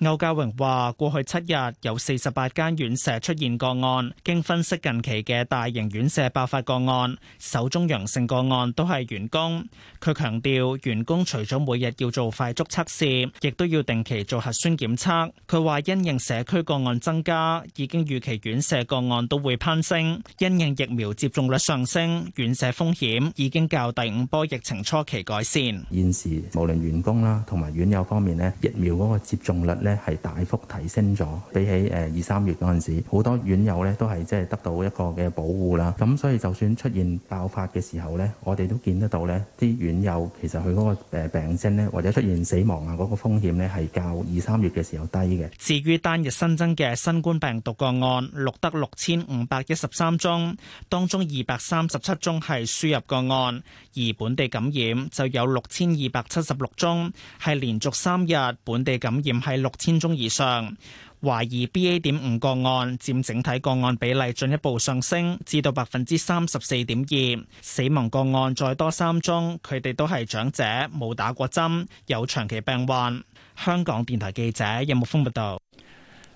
歐家榮話：過去七日有四十八間院舍出現個案，經分析近期嘅大型院舍爆發個案，首宗陽性個案都係員工。佢強調，員工除咗每日要做快速測試，亦都要定期做核酸檢測。佢話：因應社區個案增加，已經預期院舍個案都會攀升。因應疫苗接種率上升，院舍風險已經較第五波疫情初期改善。現時無論員工啦，同埋院友方面呢，疫苗嗰個接種率呢，係大幅提升咗，比起誒二三月嗰陣時，好多院友呢都係即係得到一個嘅保護啦。咁所以就算出現爆發嘅時候呢，我哋都見得到呢啲院。有其實佢嗰個病徵呢，或者出現死亡啊，嗰個風險呢係較二三月嘅時候低嘅。至於單日新增嘅新冠病毒個案，錄得六千五百一十三宗，當中二百三十七宗係輸入個案，而本地感染就有六千二百七十六宗，係連續三日本地感染係六千宗以上。懷疑 B A 點五個案佔整體個案比例進一步上升，至到百分之三十四點二。死亡個案再多三宗，佢哋都係長者，冇打過針，有長期病患。香港電台記者任木峰報道。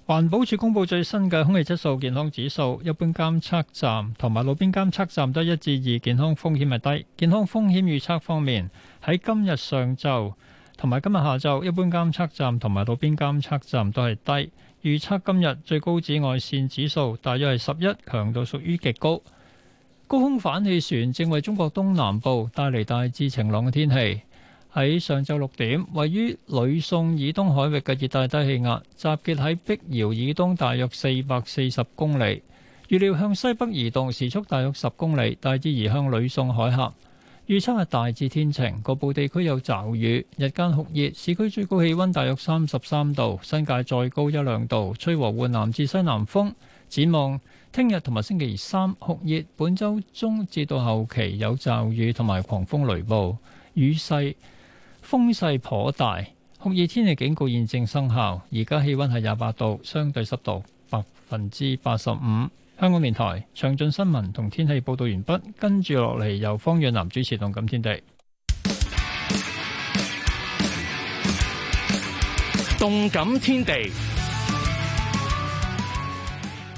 環保署公布最新嘅空氣質素健康指數，一般監測站同埋路邊監測站都一至二，健康風險係低。健康風險預測方面，喺今日上晝同埋今日下晝，一般監測站同埋路邊監測站都係低。預測今日最高紫外線指數大約係十一，強度屬於極高。高空反氣旋正為中國東南部帶嚟大致晴朗嘅天氣。喺上晝六點，位於呂宋以東海域嘅熱帶低氣壓集結喺碧瑤以東大約四百四十公里，預料向西北移動，時速大約十公里，大致移向呂宋海峽。預測係大致天晴，局部地區有驟雨，日間酷熱，市區最高氣溫大約三十三度，新界再高一兩度，吹和緩南至西南風。展望聽日同埋星期三酷熱，本周中至到後期有驟雨同埋狂風雷暴，雨勢風勢頗大，酷熱天氣警告現正生效。而家氣溫係廿八度，相對濕度百分之八十五。香港電台詳盡新聞同天氣報道完畢，跟住落嚟由方潤南主持《動感天地》。動感天地，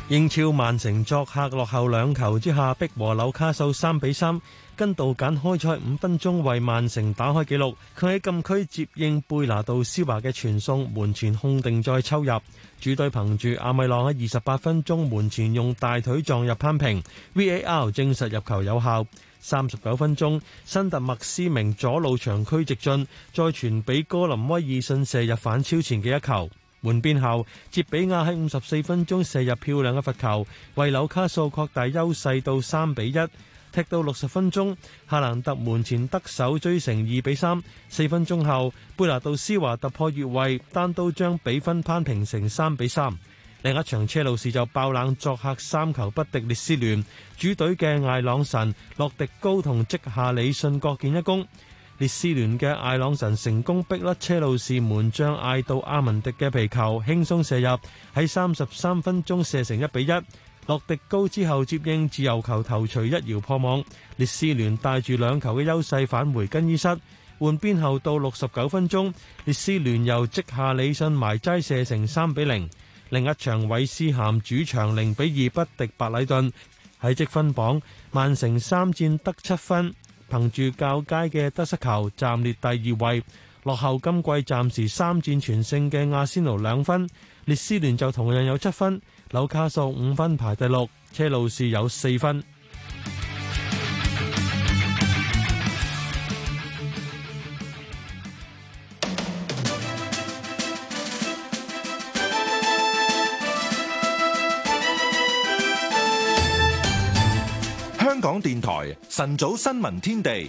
英超曼城作客落後兩球之下，逼和紐卡素三比三。跟度簡開賽五分鐘為曼城打開紀錄，佢喺禁區接應貝拿度斯華嘅傳送，門前控定再抽入。主隊憑住阿米朗喺二十八分鐘門前用大腿撞入攀平，VAR 證實入球有效。三十九分鐘，辛特麥斯明左路長驅直進，再傳俾哥林威爾遜射入反超前嘅一球。換邊後，哲比亞喺五十四分鐘射入漂亮嘅罰球，為紐卡素擴大優勢到三比一。踢到六十分鐘，夏蘭特門前得手追成二比三。四分鐘後，貝拿度斯華突破越位，單刀將比分攀平成三比三。另一場車路士就爆冷作客三球不敵列斯聯，主隊嘅艾朗臣、洛迪高同積夏里遜各建一功。列斯聯嘅艾朗臣成功逼甩車路士門將艾杜阿文迪嘅皮球，輕鬆射入，喺三十三分鐘射成一比一。洛迪高之後接應自由球頭槌一搖破網，列斯聯帶住兩球嘅優勢返回更衣室換邊後到六十九分鐘，列斯聯由即下李信埋齋射成三比零，另一場韋斯咸主場零比二不敵白禮頓。喺積分榜，曼城三戰得七分，憑住較佳嘅得失球暫列第二位，落後今季暫時三戰全勝嘅亞仙奴兩分，列斯聯就同樣有七分。紐卡素五分排第六，車路士有四分。香港電台晨早新聞天地。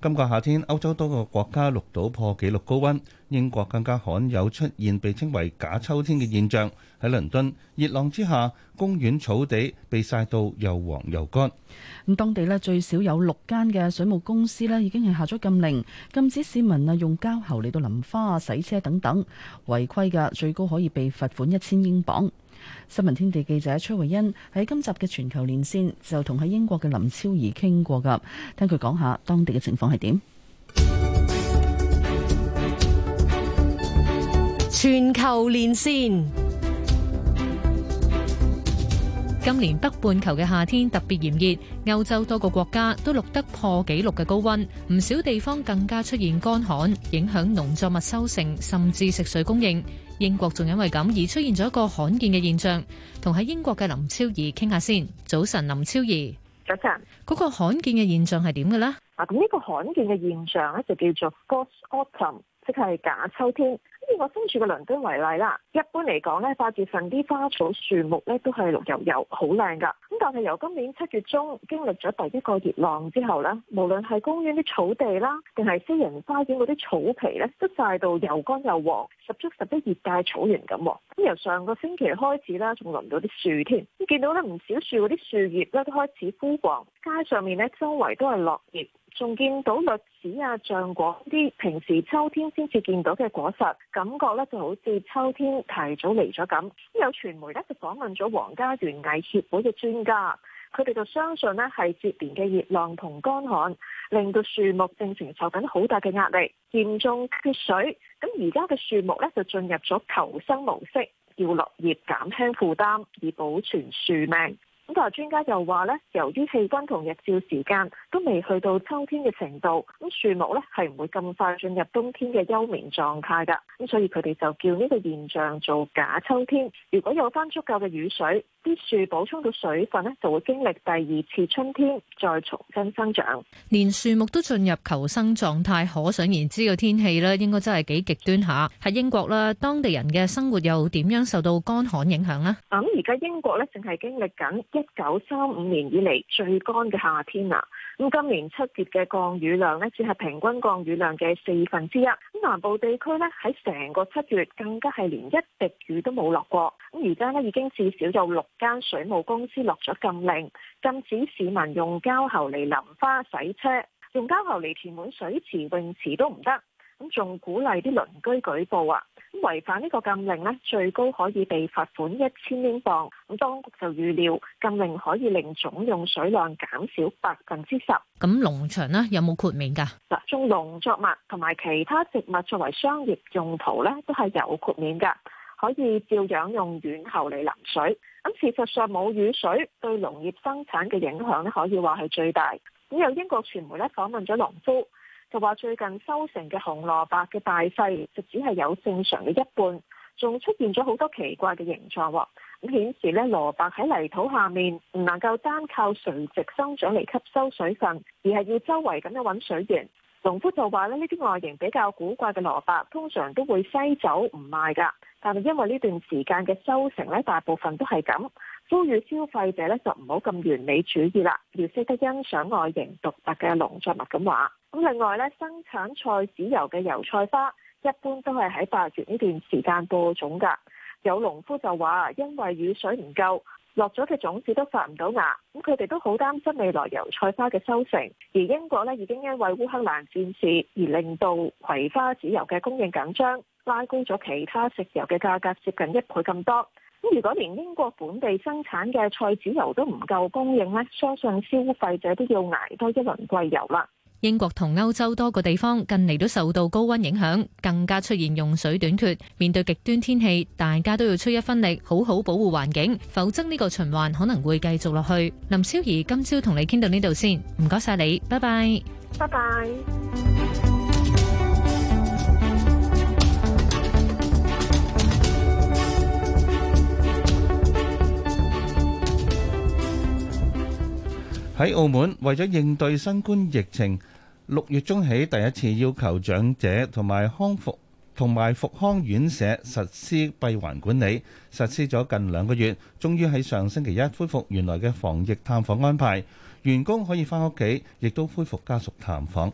今個夏天，歐洲多個國家錄到破紀錄高溫，英國更加罕有出現被稱為假秋天嘅現象。喺倫敦，熱浪之下，公園草地被曬到又黃又乾。咁當地呢最少有六間嘅水務公司呢已經係下咗禁令，禁止市民啊用膠喉嚟到淋花、洗車等等，違規嘅最高可以被罰款一千英鎊。新聞天地記者崔慧欣喺今集嘅全球連線就同喺英國嘅林超儀傾過㗎，聽佢講下當地嘅情況係點。全球連線，今年北半球嘅夏天特別炎熱，歐洲多個國家都錄得破紀錄嘅高温，唔少地方更加出現乾旱，影響農作物收成，甚至食水供應。英國仲因為咁而出現咗一個罕見嘅現象，同喺英國嘅林超儀傾下先。早晨，林超儀，早晨。嗰個罕見嘅現象係點嘅呢？嗱、啊，咁呢個罕見嘅現象咧就叫做 Ghost Autumn，即係假秋天。以我身處嘅倫敦為例啦，一般嚟講咧，八月份啲花草樹木咧都係綠油油，好靚噶。咁但係由今年七月中經歷咗第一個熱浪之後咧，無論係公園啲草地啦，定係私人花園嗰啲草皮咧，都晒到又乾又黃，十足十足熱帶草原咁。咁由上個星期開始啦，仲淋到啲樹添，見到咧唔少樹嗰啲樹葉咧都開始枯黃，街上面咧周圍都係落葉。仲見到栗子啊、橡果啲，平時秋天先至見到嘅果實，感覺咧就好似秋天提早嚟咗咁。有傳媒咧就訪問咗皇家園藝協會嘅專家，佢哋就相信呢係接連嘅熱浪同乾旱，令到樹木正承受緊好大嘅壓力，嚴重缺水。咁而家嘅樹木咧就進入咗求生模式，要落葉減輕負擔，以保存樹命。咁但專家又話咧，由於氣溫同日照時間都未去到秋天嘅程度，咁樹木咧係唔會咁快進入冬天嘅休眠狀態噶。咁所以佢哋就叫呢個現象做假秋天。如果有翻足夠嘅雨水，啲樹補充到水分咧，就會經歷第二次春天，再重新生長，連樹木都進入求生狀態，可想而知，個天氣咧應該真係幾極端下。喺英國啦，當地人嘅生活又點樣受到乾旱影響咧？咁而家英國咧正係經歷緊，一九三五年以嚟最乾嘅夏天啊！咁今年七月嘅降雨量呢，只係平均降雨量嘅四分之一。咁南部地區呢，喺成個七月更加係連一滴雨都冇落過。咁而家呢，已經至少有六間水務公司落咗禁令，禁止市民用膠喉嚟淋花、洗車，用膠喉嚟填滿水池、泳池都唔得。咁仲鼓勵啲鄰居舉報啊！違反呢個禁令呢，最高可以被罰款一千英鎊。咁當局就預料禁令可以令總用水量減少百分之十。咁農場呢有冇豁免㗎？嗱，種農作物同埋其他植物作為商業用途呢都係有豁免㗎，可以照樣用軟喉嚟淋水。咁事實上冇雨水對農業生產嘅影響呢，可以話係最大。咁有英國傳媒咧訪問咗農夫。就話最近收成嘅紅蘿蔔嘅大細就只係有正常嘅一半，仲出現咗好多奇怪嘅形狀，咁顯示呢蘿蔔喺泥土下面唔能夠單靠垂直生長嚟吸收水分，而係要周圍咁樣揾水源。農夫就話呢，呢啲外形比較古怪嘅蘿蔔通常都會篩走唔賣㗎，但係因為呢段時間嘅收成呢大部分都係咁，呼籲消費者呢就唔好咁完美主義啦，要識得欣賞外形獨特嘅農作物咁話。咁另外咧，生產菜籽油嘅油菜花一般都係喺八月呢段時間播種噶。有農夫就話，因為雨水唔夠，落咗嘅種子都發唔到芽。咁佢哋都好擔心未來油菜花嘅收成。而英國咧已經因為烏克蘭戰事而令到葵花籽油嘅供應緊張，拉高咗其他食油嘅價格接近一倍咁多。咁如果連英國本地生產嘅菜籽油都唔夠供應咧，相信消費者都要挨多一輪貴油啦。英國同歐洲多個地方近嚟都受到高温影響，更加出現用水短缺。面對極端天氣，大家都要出一分力，好好保護環境，否則呢個循環可能會繼續落去。林超儀今朝同你傾到呢度先，唔該晒你，拜拜，拜拜。喺澳門為咗應對新冠疫情，六月中起第一次要求長者同埋康復同埋復康院舍實施閉環管理，實施咗近兩個月，終於喺上星期一恢復原來嘅防疫探訪安排。員工可以翻屋企，亦都恢復家屬探訪。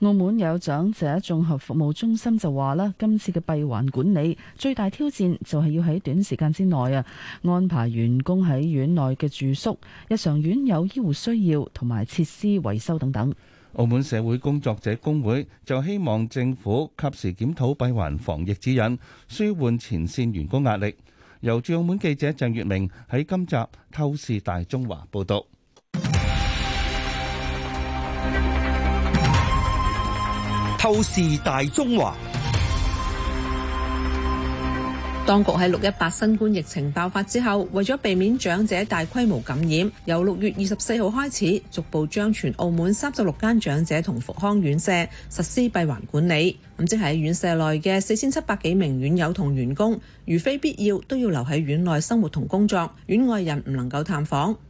澳門有長者綜合服務中心就話啦，今次嘅閉環管理最大挑戰就係要喺短時間之內啊安排員工喺院內嘅住宿、日常院有醫護需要同埋設施維修等等。澳門社會工作者工會就希望政府及時檢討閉環防疫指引，舒緩前線員工壓力。由駐澳門記者鄭月明喺今集透視大中華報道。透視大中華，當局喺六一八新冠疫情爆發之後，為咗避免長者大規模感染，由六月二十四號開始，逐步將全澳門三十六間長者同復康院舍實施閉環管理。咁即係喺院舍內嘅四千七百幾名院友同員工，如非必要都要留喺院內生活同工作，院外人唔能夠探訪。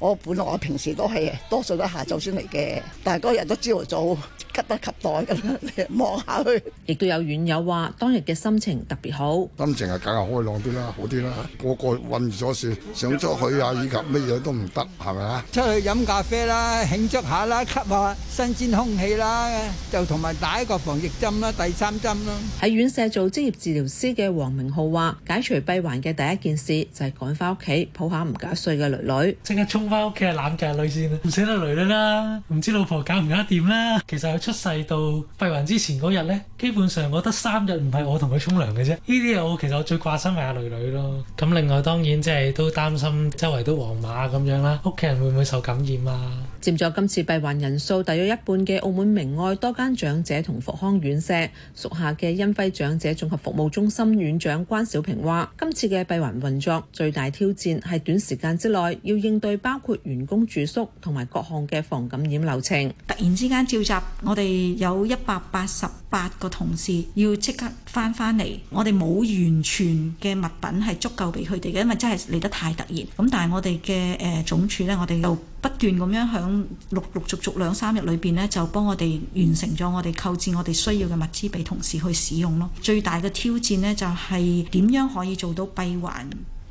我本來我平時都係多數都下晝先嚟嘅，但係嗰日都朝早急不及待咁樣望下去。亦都有院友話：當日嘅心情特別好，心情係更加開朗啲啦，好啲啦。個個困住咗樹想出去啊，以及乜嘢都唔得，係咪啊？出去飲咖啡啦，慶祝下啦，吸下新鮮空氣啦，就同埋打一個防疫針啦，第三針啦。喺院舍做職業治療師嘅黃明浩話：解除閉環嘅第一件事就係趕翻屋企抱下唔夠一歲嘅女女，即刻沖。翻屋企係攬住女先啦，唔捨得女女啦，唔知老婆搞唔搞得掂啦。其實佢出世到肺炎之前嗰日咧，基本上我得三日唔係我同佢沖涼嘅啫。呢啲嘢，我其實我最掛心係阿女女咯。咁另外當然即係都擔心周圍都黃碼咁樣啦，屋企人會唔會受感染啊？佔咗今次閉環人數大約一半嘅澳門明愛多間長者同復康院舍，屬下嘅恩輝長者綜合服務中心院長關小平話：今次嘅閉環運作最大挑戰係短時間之內要應對包括員工住宿同埋各項嘅防感染流程。突然之間召集我哋有一百八十八個同事要即刻翻翻嚟，我哋冇完全嘅物品係足夠俾佢哋嘅，因為真係嚟得太突然。咁但係我哋嘅誒總署呢，我哋又不斷咁樣響陸陸續續兩三日裏邊呢，就幫我哋完成咗我哋購置我哋需要嘅物資俾同事去使用咯。最大嘅挑戰呢，就係點樣可以做到閉環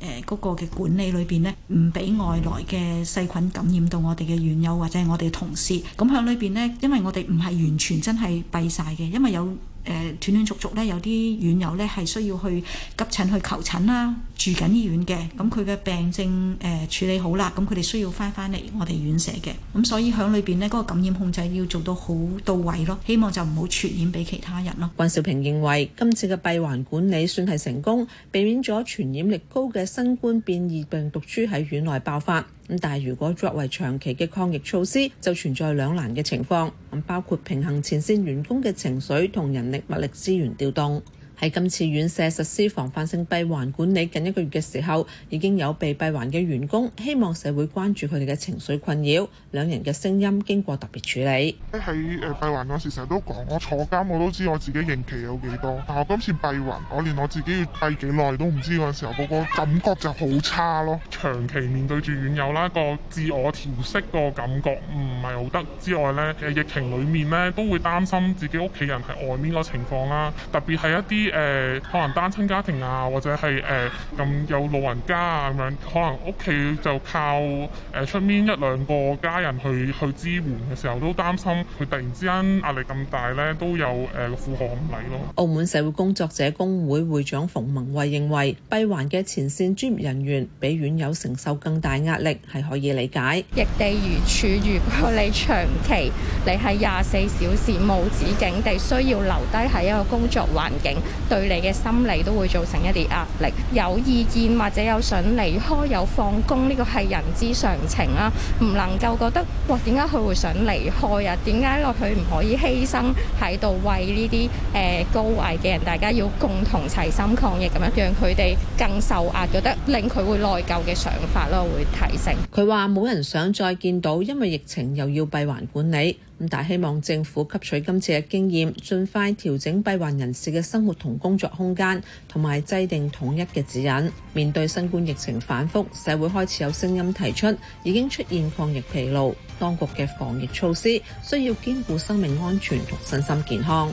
誒嗰、呃那個嘅管理裏邊咧，唔俾外來嘅細菌感染到我哋嘅院友或者係我哋嘅同事，咁喺裏邊咧，因為我哋唔係完全真係閉晒嘅，因為有。誒斷斷續續咧，有啲院友咧係需要去急診去求診啦，住緊醫院嘅，咁佢嘅病症誒處理好啦，咁佢哋需要翻翻嚟我哋院舍嘅，咁，所以響裏邊呢嗰個感染控制要做到好到位咯，希望就唔好傳染俾其他人咯。關少平認為今次嘅閉環管理算係成功，避免咗傳染力高嘅新冠變異病毒株喺院內爆發。但如果作為長期嘅抗疫措施，就存在兩難嘅情況，包括平衡前線員工嘅情緒同人力物力資源調動。喺今次院舍實施防範性閉環管理近一個月嘅時候，已經有被閉環嘅員工希望社會關注佢哋嘅情緒困擾。兩人嘅聲音經過特別處理。喺誒閉環嗰時成日都講，我坐監我都知我自己刑期有幾多，但我今次閉環，我連我自己要閉幾耐都唔知嗰時候，嗰個感覺就好差咯。長期面對住院友啦，個自我調適個感覺唔係好得之外呢，誒疫情裡面呢，都會擔心自己屋企人喺外面個情況啦，特別係一啲。誒、呃，可能單親家庭啊，或者係誒咁有老人家啊咁樣，可能屋企就靠誒出、呃、面一兩個家人去去支援嘅時候，都擔心佢突然之間壓力咁大咧，都有誒、呃、負荷唔嚟咯。澳門社會工作者公會會長馮文慧認為，閉環嘅前線專業人員比院友承受更大壓力，係可以理解。易地而處如果你長期你係廿四小時無止境地需要留低喺一個工作環境。對你嘅心理都會造成一啲壓力，有意見或者有想離開、有放工呢個係人之常情啦，唔能夠覺得哇點解佢會想離開啊？點解落佢唔可以犧牲喺度為呢啲誒高危嘅人？大家要共同齊心抗疫咁樣，讓佢哋更受壓，覺得令佢會內疚嘅想法咯，會提升。佢話冇人想再見到，因為疫情又要閉環管理。咁但希望政府吸取今次嘅經驗，盡快調整閉環人士嘅生活同工作空間，同埋制定統一嘅指引。面對新冠疫情反覆，社會開始有聲音提出，已經出現抗疫疲勞，當局嘅防疫措施需要兼顧生命安全同身心健康。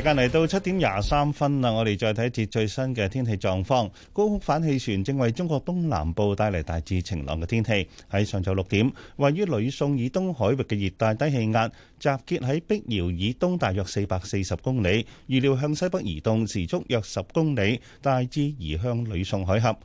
時間嚟到七點廿三分啦，我哋再睇一節最新嘅天氣狀況。高空反氣旋正為中國東南部帶嚟大致晴朗嘅天氣。喺上晝六點，位於呂宋以東海域嘅熱帶低氣壓集結喺碧瑤以東大約四百四十公里，預料向西北移動，時速約十公里，大致移向呂宋海峽。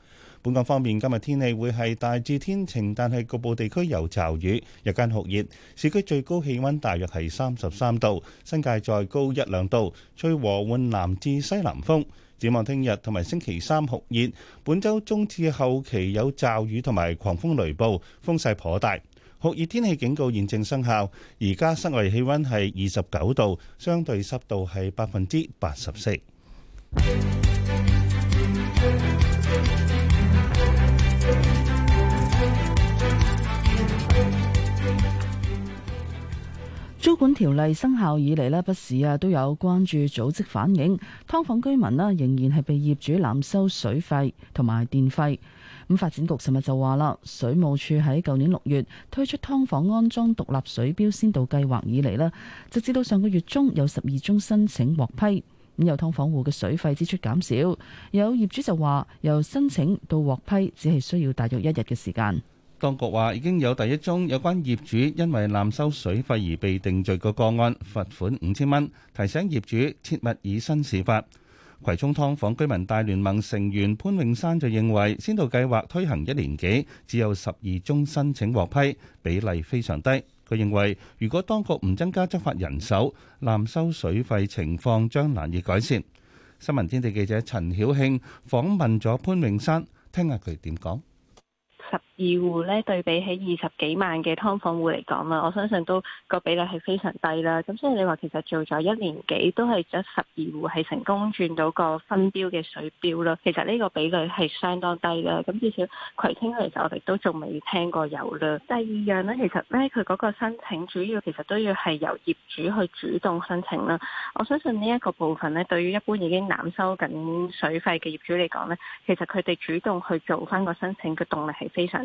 本港方面，今日天氣會係大致天晴，但係局部地區有驟雨。日間酷熱，市區最高氣溫大約係三十三度，新界再高一兩度，吹和緩南至西南風，展望聽日同埋星期三酷熱，本周中至後期有驟雨同埋狂風雷暴，風勢頗大。酷熱天氣警告現正生效。而家室外氣溫係二十九度，相對濕度係百分之八十四。 租管條例生效以嚟呢，不時啊都有關注組織反映，㓥房居民咧仍然係被業主濫收水費同埋電費。咁發展局尋日就話啦，水務署喺舊年六月推出㓥房安裝獨立水標先導計劃以嚟呢，直至到上個月中有十二宗申請獲批。咁有劏房戶嘅水費支出減少，有業主就話由申請到獲批只係需要大約一日嘅時間。當局話已經有第一宗有關業主因為濫收水費而被定罪個個案，罰款五千蚊。提醒業主切勿以身試法。葵涌劏房居民大聯盟成員潘永山就認為，先導計劃推行一年幾，只有十二宗申請獲批，比例非常低。佢認為，如果當局唔增加執法人手，濫收水費情況將難以改善。新聞天地記者陳曉慶訪問咗潘永山，聽下佢點講。二戶咧，對比起二十幾萬嘅㓥房戶嚟講啦，我相信都個比例係非常低啦。咁所以你話其實做咗一年幾，都係得十二戶係成功轉到個分標嘅水標啦。其實呢個比率係相當低啦。咁至少葵青其實我哋都仲未聽過有啦。第二樣咧，其實咧，佢嗰個申請主要其實都要係由業主去主動申請啦。我相信呢一個部分咧，對於一般已經濫收緊水費嘅業主嚟講咧，其實佢哋主動去做翻個申請嘅動力係非常。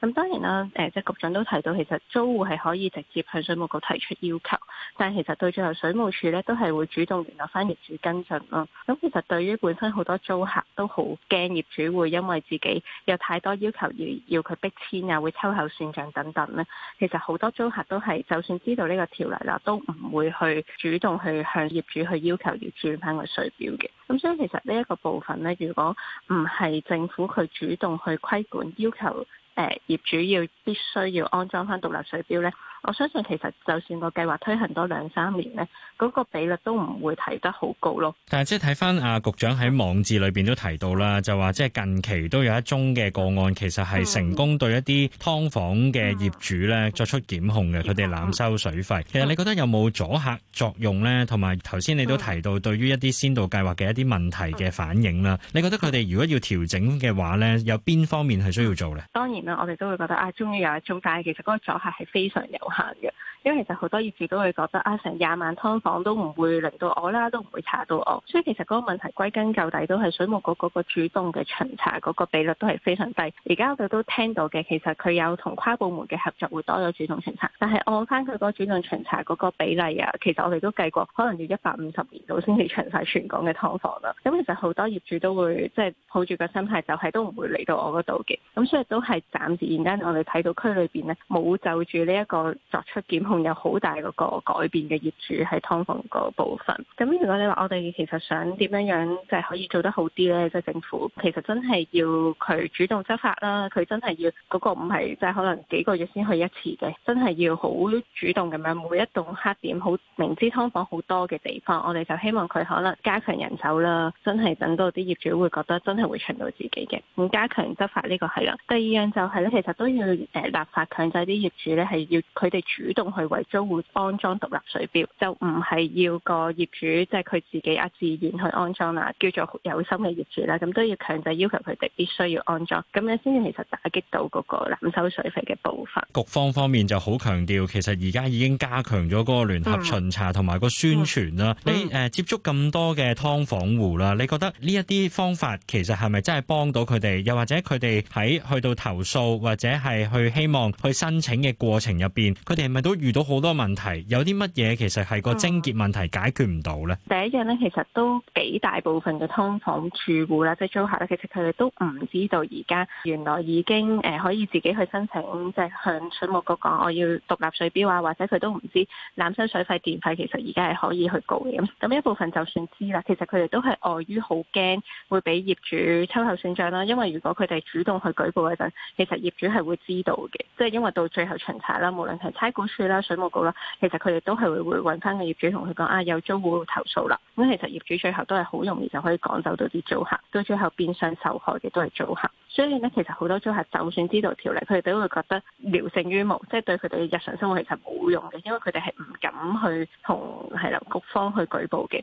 咁當然啦，誒，即係局長都提到，其實租戶係可以直接向水務局提出要求，但係其實到最後水務署咧，都係會主動聯絡翻業主跟進咯。咁其實對於本身好多租客都好驚業主會因為自己有太多要求而要佢逼遷啊，會秋後算帳等等咧。其實好多租客都係就算知道呢個條例啦，都唔會去主動去向業主去要求要轉翻個水表嘅。咁所以其實呢一個部分咧，如果唔係政府佢主動去規管要求。誒、呃、業主要必須要安裝翻獨立水表呢。我相信其實就算個計劃推行多兩三年呢，嗰、嗰個比率都唔會提得好高咯。但係即係睇翻阿局長喺網誌裏邊都提到啦，就話即係近期都有一宗嘅個案，其實係成功對一啲劏房嘅業主呢、嗯、作出檢控嘅，佢哋、嗯、濫收水費。嗯、其實你覺得有冇阻嚇作用呢？同埋頭先你都提到對於一啲先導計劃嘅一啲問題嘅反應啦，嗯、你覺得佢哋如果要調整嘅話呢，有邊方面係需要做呢？當然啦，我哋都會覺得啊，終於有一宗，但係其實嗰個阻嚇係非常有。行嘅。因為其實好多業主都會覺得啊，成廿萬劏房都唔會輪到我啦，都唔會查到我，所以其實嗰個問題歸根究底都係水務局嗰個主動嘅巡查嗰個比率都係非常低。而家我哋都聽到嘅，其實佢有同跨部門嘅合作，會多咗主動巡查。但係按翻佢個主動巡查嗰個比例啊，其實我哋都計過，可能要一百五十年度先至巡查全港嘅劏房啦。咁、嗯、其實好多業主都會即係抱住個心態，就係都唔會嚟到我嗰度嘅。咁所以都係暫時而家我哋睇到區裏邊呢冇就住呢一個作出檢控。有好大嗰個改變嘅業主喺劏房個部分。咁如果你話我哋其實想點樣樣就係可以做得好啲呢？即係政府其實真係要佢主動執法啦。佢真係要嗰個唔係即係可能幾個月先去一次嘅，真係要好主動咁樣每一棟黑點，好明知劏房好多嘅地方，我哋就希望佢可能加強人手啦。真係等到啲業主會覺得真係會巡到自己嘅，咁加強執法呢個係啦。第二樣就係呢，其實都要誒立法強制啲業主呢，係要佢哋主動。去為租戶安裝獨立水表，就唔係要個業主即係佢自己啊，自然去安裝啦，叫做有心嘅業主咧，咁都要強制要求佢哋必須要安裝，咁樣先至其實打擊到嗰個濫收水費嘅步伐。局方方面就好強調，其實而家已經加強咗個聯合巡查同埋個宣傳啦。嗯嗯、你誒，接觸咁多嘅劏房戶啦，你覺得呢一啲方法其實係咪真係幫到佢哋？又或者佢哋喺去到投訴或者係去希望去申請嘅過程入邊，佢哋係咪都？遇到好多問題，有啲乜嘢其實係個症結問題解決唔到呢、嗯？第一樣呢，其實都幾大部分嘅劏房住戶啦，即係租客咧，其實佢哋都唔知道而家原來已經誒可以自己去申請，即係向水務局講我要獨立水表啊，或者佢都唔知濫收水費電費，其實而家係可以去告嘅咁。咁一部分就算知啦，其實佢哋都係礙於好驚會俾業主秋後算賬啦，因為如果佢哋主動去舉報嗰陣，其實業主係會知道嘅，即係因為到最後巡查啦，無論係差估署啦。水務局啦，其實佢哋都係會會揾翻個業主同佢講啊，有租戶投訴啦。咁其實業主最後都係好容易就可以趕走到啲租客，到最後變相受害嘅都係租客。所以咧，其實好多租客就算知道條例，佢哋都會覺得聊勝於無，即係對佢哋日常生活其實冇用嘅，因為佢哋係唔敢去同係樓局方去舉報嘅。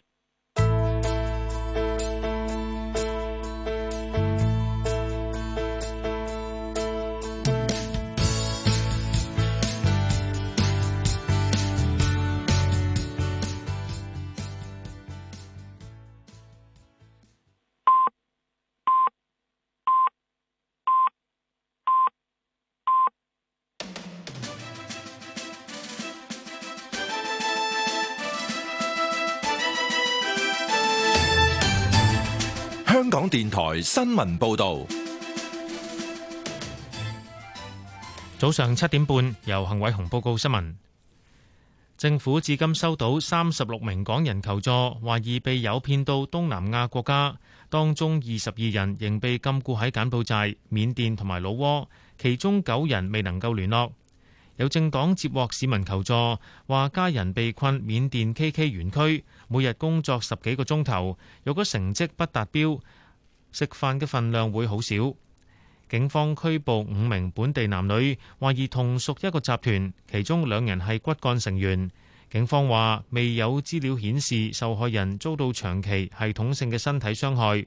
香港電台新聞報道，早上七點半由幸偉雄報告新聞。政府至今收到三十六名港人求助，懷疑被誘騙到東南亞國家，當中二十二人仍被禁錮喺柬埔寨、緬甸同埋老撾，其中九人未能夠聯絡。有政黨接獲市民求助，話家人被困緬甸 KK 園區，每日工作十幾個鐘頭，若果成績不達標，食飯嘅份量會好少。警方拘捕五名本地男女，懷疑同屬一個集團，其中兩人係骨幹成員。警方話未有資料顯示受害人遭到長期系統性嘅身體傷害。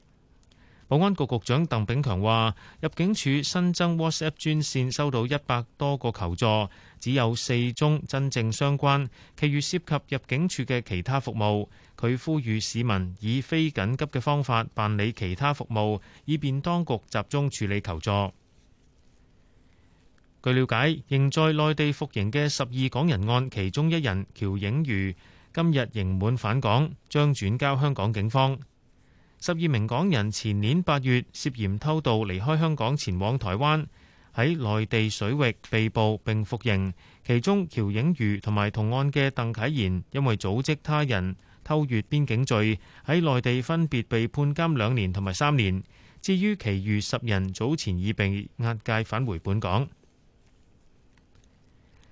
保安局局長鄧炳強話：入境處新增 WhatsApp 專線，收到一百多個求助，只有四宗真正相關，其餘涉及入境處嘅其他服務。佢呼籲市民以非緊急嘅方法辦理其他服務，以便當局集中處理求助。據了解，仍在內地服刑嘅十二港人案，其中一人喬映瑜今日刑滿返港，將轉交香港警方。十二名港人前年八月涉嫌偷渡離開香港前往台灣，喺內地水域被捕並服刑，其中喬映瑜同埋同案嘅鄧棨然因為組織他人偷越邊境罪，喺內地分別被判監兩年同埋三年。至於其餘十人，早前已被押解返回本港。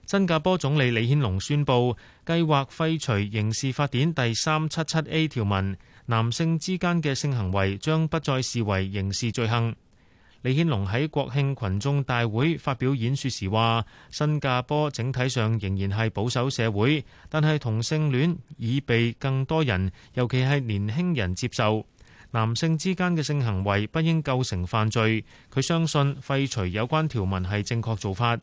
新加坡總理李顯龍宣布計劃廢除刑事法典第三七七 A 條文，男性之間嘅性行為將不再視為刑事罪行。李顯龍喺國慶群眾大會發表演說時話：新加坡整體上仍然係保守社會，但係同性戀已被更多人，尤其係年輕人接受。男性之間嘅性行為不應構成犯罪。佢相信廢除有關條文係正確做法。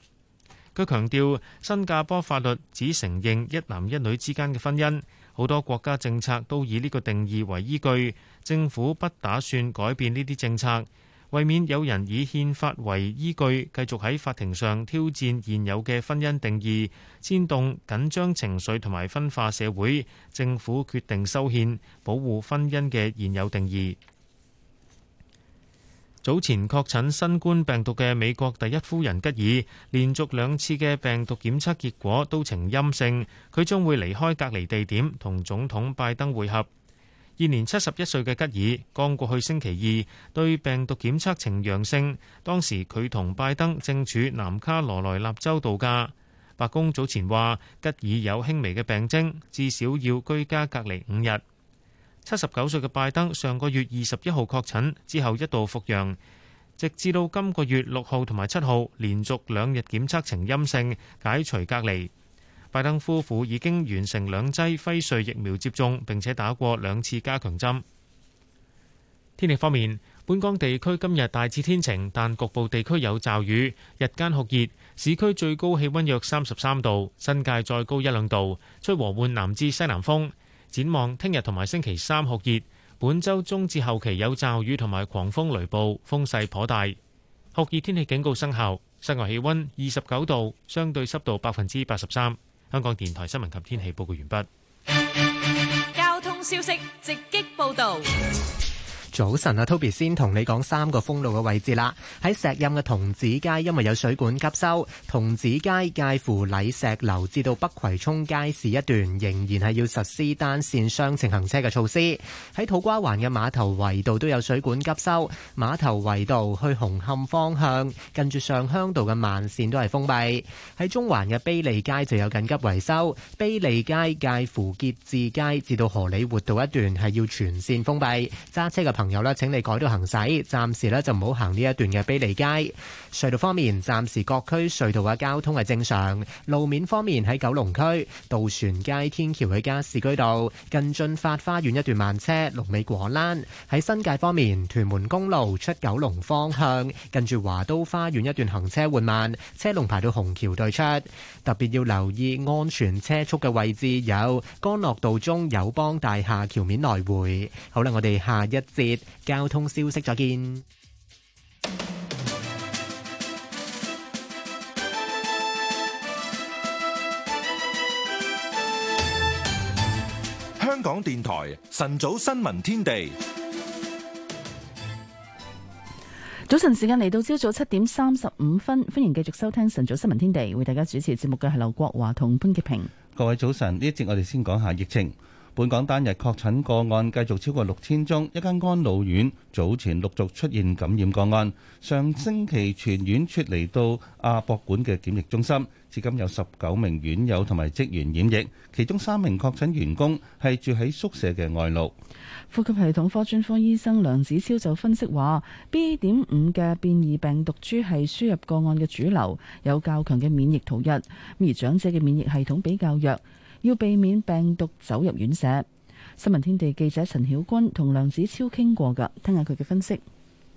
佢強調，新加坡法律只承認一男一女之間嘅婚姻，好多國家政策都以呢個定義為依據。政府不打算改變呢啲政策，為免有人以憲法為依據繼續喺法庭上挑戰現有嘅婚姻定義，煽動緊張情緒同埋分化社會。政府決定修憲，保護婚姻嘅現有定義。早前確診新冠病毒嘅美國第一夫人吉爾，連續兩次嘅病毒檢測結果都呈陰性，佢將會離開隔離地點同總統拜登會合。現年七十一歲嘅吉爾，剛過去星期二對病毒檢測呈陽性，當時佢同拜登正處南卡羅來納州度假。白宮早前話，吉爾有輕微嘅病徵，至少要居家隔離五日。七十九歲嘅拜登上個月二十一號確診，之後一度復陽，直至到今個月六號同埋七號連續兩日檢測呈陰性，解除隔離。拜登夫婦已經完成兩劑輝瑞疫苗接種，並且打過兩次加強針。天氣方面，本港地區今日大致天晴，但局部地區有驟雨，日間酷熱，市區最高氣溫約三十三度，新界再高一兩度，吹和緩南至西南風。展望聽日同埋星期三酷熱，本周中至後期有驟雨同埋狂風雷暴，風勢頗大。酷熱天氣警告生效，室外氣溫二十九度，相對濕度百分之八十三。香港電台新聞及天氣報告完畢。交通消息直擊報導。早晨啊，Toby 先同你講三個封路嘅位置啦。喺石蔭嘅童子街，因為有水管急修，童子街介乎禮石樓至到北葵涌街市一段，仍然係要實施單線雙程行車嘅措施。喺土瓜灣嘅碼頭圍道都有水管急修，碼頭圍道去紅磡方向，近住上鄉道嘅慢綫都係封閉。喺中環嘅卑利街就有緊急維修，卑利街介乎結志街至到荷李活道一段係要全綫封閉，揸車嘅。朋友咧，請你改道行駛，暫時咧就唔好行呢一段嘅卑利街。隧道方面，暫時各區隧道嘅交通係正常。路面方面，喺九龍區渡船街天橋嘅加士居道近駿發花園一段慢車，龍尾果欄。喺新界方面，屯門公路出九龍方向，近住華都花園一段行車緩慢，車龍排到虹橋對出。特別要留意安全車速嘅位置有干諾道中友邦大廈橋面來回。好啦，我哋下一節。交通消息，再見。香港電台晨早新聞天地，早晨時間嚟到，朝早七點三十五分，歡迎繼續收聽晨早新聞天地，為大家主持節目嘅係劉國華同潘潔平。各位早晨，呢一節我哋先講下疫情。本港單日確診個案繼續超過六千宗，一間安老院早前陸續出現感染個案，上星期全院出嚟到亞博館嘅檢疫中心，至今有十九名院友同埋職員染疫，其中三名確診員工係住喺宿舍嘅外勞。呼吸系統科專科醫生梁子超就分析話，B. 點五嘅變異病毒株係輸入個案嘅主流，有較強嘅免疫逃逸，而長者嘅免疫系統比較弱。要避免病毒走入院舍。新聞天地記者陳曉君同梁子超傾過噶，聽下佢嘅分析。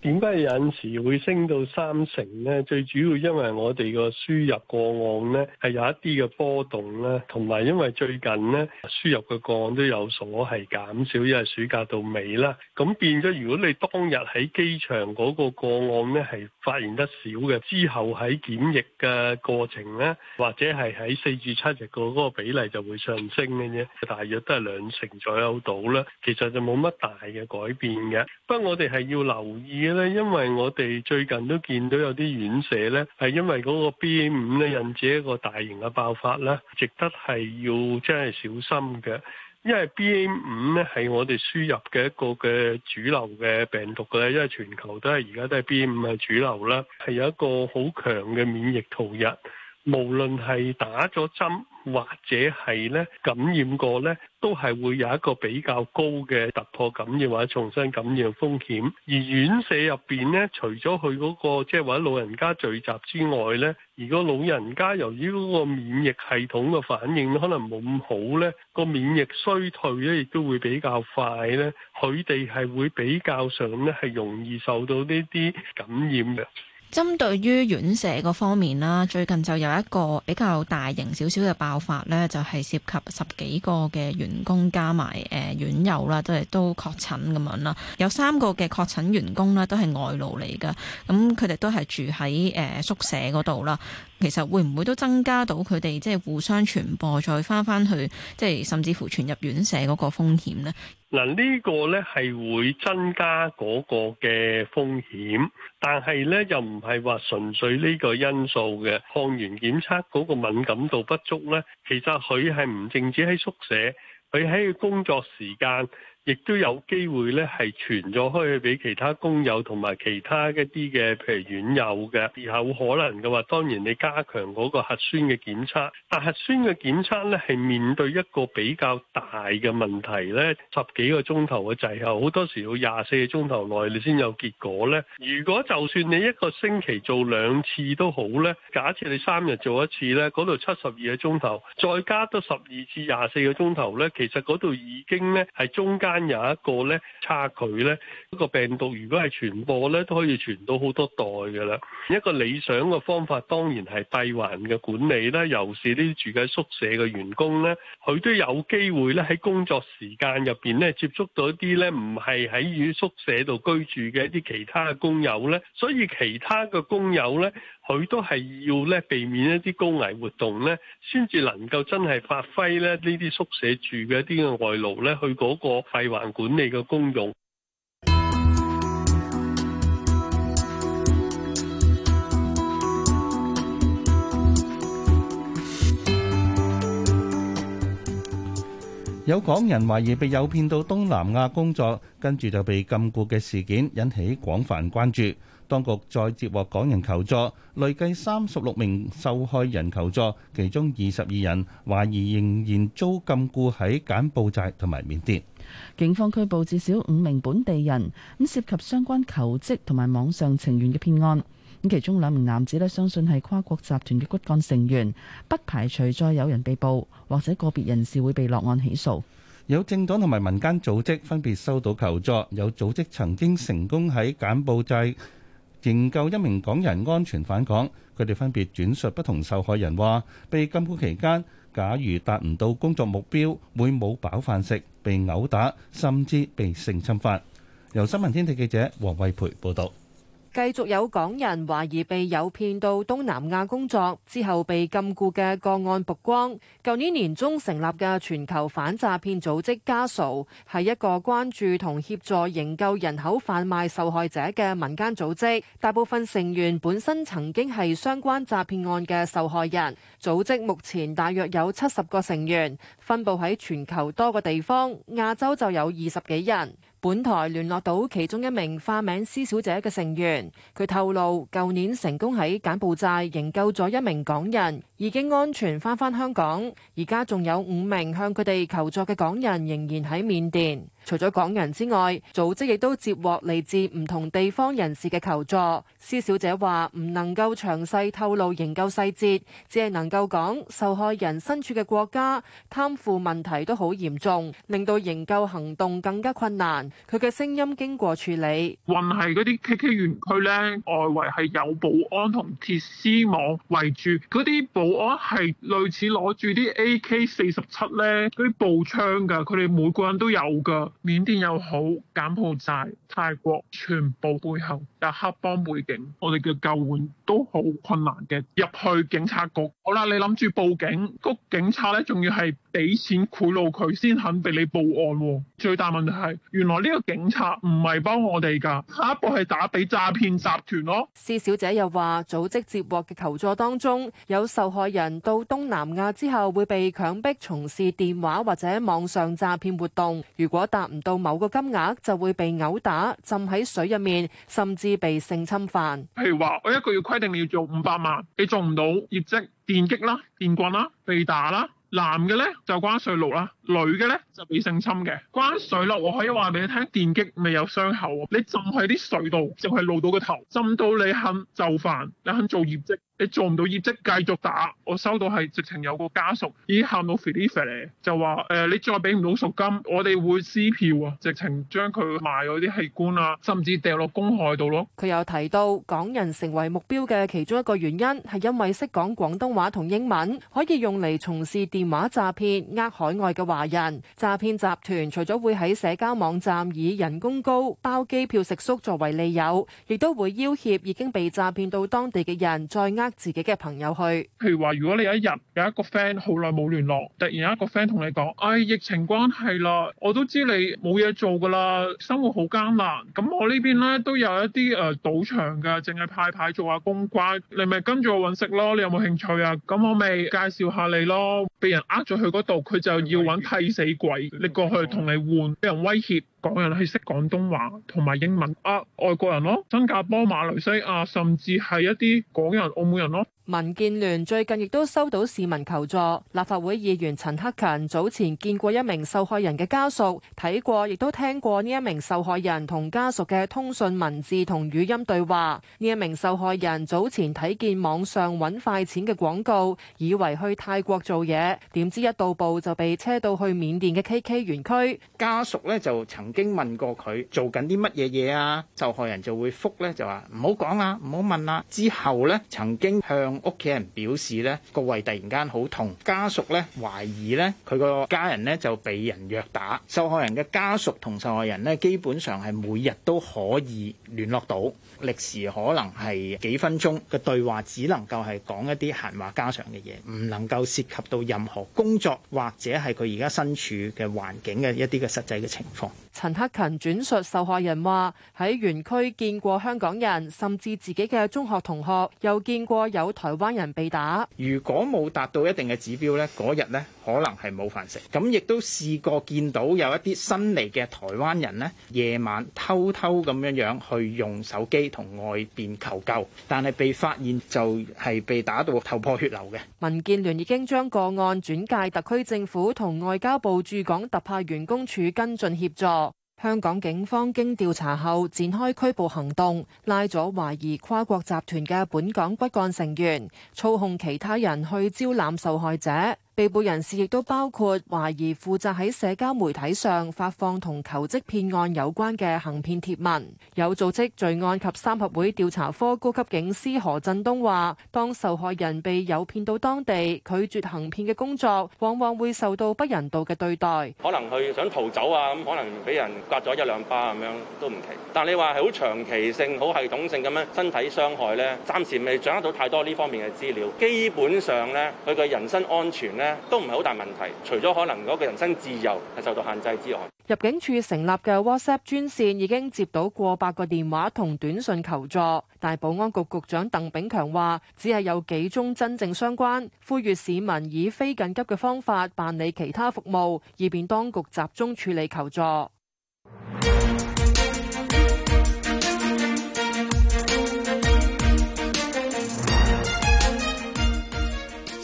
點解有陣時會升到三成呢？最主要因為我哋個輸入個案呢，係有一啲嘅波動啦。同埋因為最近呢，輸入嘅個案都有所係減少，因為暑假到尾啦，咁變咗如果你當日喺機場嗰個個案呢，係發現得少嘅，之後喺檢疫嘅過程呢，或者係喺四至七日個個比例就會上升嘅啫，大約都係兩成左右到啦。其實就冇乜大嘅改變嘅。不過，我哋係要留意咧，因為我哋最近都見到有啲院舍咧，係因為嗰個 B A 五咧引致一個大型嘅爆發啦，值得係要真係小心嘅。因為 B A 五咧係我哋輸入嘅一個嘅主流嘅病毒嘅咧，因為全球都係而家都係 B A 五係主流啦，係有一個好強嘅免疫逃逸，無論係打咗針。或者係咧感染過咧，都係會有一個比較高嘅突破感染或者重新感染風險。而院舍入邊咧，除咗佢嗰個即係或者老人家聚集之外咧，如果老人家由於嗰個免疫系統嘅反應可能冇咁好咧，個免疫衰退咧亦都會比較快咧，佢哋係會比較上咧係容易受到呢啲感染嘅。針對於院舍個方面啦，最近就有一個比較大型少少嘅爆發呢就係、是、涉及十幾個嘅員工加埋誒、呃、院友啦，都係都確診咁樣啦。有三個嘅確診員工呢，都係外勞嚟㗎，咁佢哋都係住喺誒宿舍嗰度啦。其實會唔會都增加到佢哋即係互相傳播再，再返返去即係甚至乎傳入院舍嗰個風險呢？嗱，呢個呢係會增加嗰個嘅風險，但係呢又唔係話純粹呢個因素嘅抗原檢測嗰個敏感度不足呢，其實佢係唔淨止喺宿舍，佢喺工作時間。亦都有機會咧，係傳咗開去俾其他工友同埋其他一啲嘅，譬如遠友嘅，有可能嘅話，當然你加強嗰個核酸嘅檢測，但核酸嘅檢測咧，係面對一個比較大嘅問題咧，十幾個鐘頭嘅滯後，好多時要廿四個鐘頭內你先有結果咧。如果就算你一個星期做兩次都好咧，假設你三日做一次咧，嗰度七十二個鐘頭，再加多十二至廿四個鐘頭咧，其實嗰度已經咧係中間。間有一個咧差距咧，一個病毒如果係傳播咧，都可以傳到好多代㗎啦。一個理想嘅方法當然係閉環嘅管理啦。尤其是呢啲住喺宿舍嘅員工咧，佢都有機會咧喺工作時間入邊咧接觸到一啲咧唔係喺於宿舍度居住嘅一啲其他嘅工友咧。所以其他嘅工友咧，佢都係要咧避免一啲高危活動咧，先至能夠真係發揮咧呢啲宿舍住嘅一啲嘅外勞咧去嗰個。地環管理嘅公用。有港人懷疑被誘騙到東南亞工作，跟住就被禁錮嘅事件引起廣泛關注。當局再接獲港人求助，累計三十六名受害人求助，其中二十二人懷疑仍然遭禁錮喺柬埔寨同埋緬甸。警方拘捕至少五名本地人，咁涉及相關求職同埋網上情緣嘅騙案。咁其中兩名男子咧，相信係跨國集團嘅骨幹成員，不排除再有人被捕，或者個別人士會被落案起訴。有政黨同埋民間組織分別收到求助，有組織曾經成功喺柬埔寨營救一名港人安全返港。佢哋分別轉述不同受害人話，被禁錮期間。假如達唔到工作目標，會冇飽飯食，被毆打，甚至被性侵犯。由新聞天地記者黃慧培報道。繼續有港人懷疑被誘騙到東南亞工作，之後被禁錮嘅個案曝光。舊年年中成立嘅全球反詐騙組織家屬係一個關注同協助營救人口販賣受害者嘅民間組織，大部分成員本身曾經係相關詐騙案嘅受害人。組織目前大約有七十個成員，分佈喺全球多個地方，亞洲就有二十幾人。本台聯絡到其中一名化名施小姐嘅成員，佢透露，舊年成功喺柬埔寨營救咗一名港人，已經安全翻返香港，而家仲有五名向佢哋求助嘅港人仍然喺緬甸。除咗港人之外，組織亦都接獲嚟自唔同地方人士嘅求助。施小姐話：唔能夠詳細透露營救細節，只係能夠講受害人身處嘅國家貪腐問題都好嚴重，令到營救行動更加困難。佢嘅聲音經過處理。運係嗰啲 K K 園區呢，外圍係有保安同鐵絲網圍住，嗰啲保安係類似攞住啲 A K 四十七呢，嗰啲步槍㗎，佢哋每個人都有㗎。緬甸又好，柬埔寨、泰國全部背後，黑幫背景，我哋嘅救援都好困難嘅。入去警察局，好啦，你諗住報警，個警察咧仲要係俾錢賄賂佢先肯俾你報案。最大問題係，原來呢個警察唔係幫我哋噶。下一步係打俾詐騙集團咯。施小姐又話，組織接獲嘅求助當中，有受害人到東南亞之後會被強迫從事電話或者網上詐騙活動。如果達唔到某個金額，就會被毆打、浸喺水入面，甚至。被性侵犯，譬如話我一個月規定你要做五百萬，你做唔到業績，電擊啦、電棍啦、被打啦，男嘅咧就關水牢啦，女嘅咧就被性侵嘅。關水牢我可以話俾你聽，電擊未有傷口，你浸喺啲水度，淨係露到個頭，浸到你肯就範，你肯做業績。你做唔到業績，繼續打。我收到係直情有個家屬已經喊到菲律賓嚟，就話誒你再俾唔到贖金，我哋會撕票啊！直情將佢賣嗰啲器官啊，甚至掉落公海度咯。佢又提到港人成為目標嘅其中一個原因係因為識講廣東話同英文，可以用嚟從事電話詐騙，呃海外嘅華人。詐騙集團除咗會喺社交網站以人工高、包機票、食宿作為利誘，亦都會要挾已經被詐騙到當地嘅人再呃。自己嘅朋友去，譬如話如果你有一日有一個 friend 好耐冇聯絡，突然有一個 friend 同你講，唉、哎，疫情關係啦，我都知你冇嘢做噶啦，生活好艱難。咁我呢邊咧都有一啲誒賭場嘅，淨係派牌做下公關，你咪跟住我揾食咯。你有冇興趣啊？咁我咪介紹下你咯。俾人呃咗去嗰度，佢就要揾替死鬼，你過去同你換，俾人威脅。港人係識廣東話同埋英文啊，外國人咯，新加坡、馬來西亞，甚至係一啲港人、澳門人咯。民建聯最近亦都收到市民求助，立法會議員陳克勤早前見過一名受害人嘅家屬，睇過亦都聽過呢一名受害人同家屬嘅通訊文字同語音對話。呢一名受害人早前睇見網上揾快錢嘅廣告，以為去泰國做嘢，點知一到步就被車到去緬甸嘅 KK 園區。家屬呢就曾經問過佢做緊啲乜嘢嘢啊？受害人就會覆咧，就話唔好講啦，唔好問啦。之後呢，曾經向屋企人表示呢個胃突然間好痛，家屬呢懷疑呢佢個家人呢就被人虐打。受害人嘅家屬同受害人呢基本上係每日都可以聯絡到，歷時可能係幾分鐘嘅對話，只能夠係講一啲閒話家常嘅嘢，唔能夠涉及到任何工作或者係佢而家身處嘅環境嘅一啲嘅實際嘅情況。陳克勤轉述受害人話：喺園區見過香港人，甚至自己嘅中學同學，又見過有台灣人被打。如果冇達到一定嘅指標呢，嗰日呢，可能係冇飯食。咁亦都試過見到有一啲新嚟嘅台灣人呢，夜晚偷偷咁樣樣去用手機同外邊求救，但係被發現就係被打到頭破血流嘅。民建聯已經將個案轉介特區政府同外交部駐港特派員公署跟進協助。香港警方經調查後，展開拘捕行動，拉咗懷疑跨國集團嘅本港骨幹成員，操控其他人去招攬受害者。被捕人士亦都包括懷疑負責喺社交媒體上發放同求職騙案有關嘅行騙帖文。有組織罪案及三合會調查科高級警司何振東話，當受害人被誘騙到當地，拒絕行騙嘅工作，往往會受到不人道嘅對待。可能佢想逃走啊，咁可能俾人摑咗一兩巴咁樣都唔奇。但你話係好長期性、好系統性咁樣身體傷害呢，暫時未掌握到太多呢方面嘅資料。基本上呢，佢嘅人身安全呢，都唔係好大問題，除咗可能嗰個人身自由係受到限制之外，入境處成立嘅 WhatsApp 專線已經接到過百個電話同短信求助，但保安局局長鄧炳強話，只係有幾宗真正相關，呼籲市民以非緊急嘅方法辦理其他服務，以便當局集中處理求助。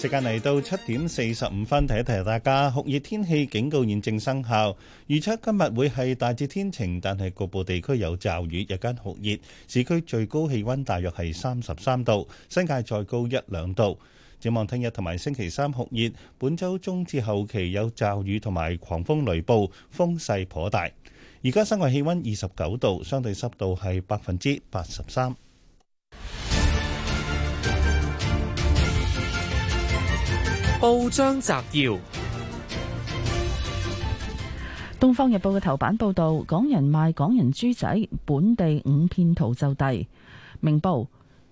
時間嚟到七點四十五分，提一提大家酷熱天氣警告現正生效，預測今日會係大致天晴，但係局部地區有驟雨，日間酷熱，市區最高氣温大約係三十三度，新界再高一兩度。展望聽日同埋星期三酷熱，本周中至後期有驟雨同埋狂風雷暴，風勢頗大。而家室外氣温二十九度，相對濕度係百分之八十三。報章摘要：《東方日報》嘅頭版報道，港人賣港人豬仔，本地五騙徒就逮。《明報》：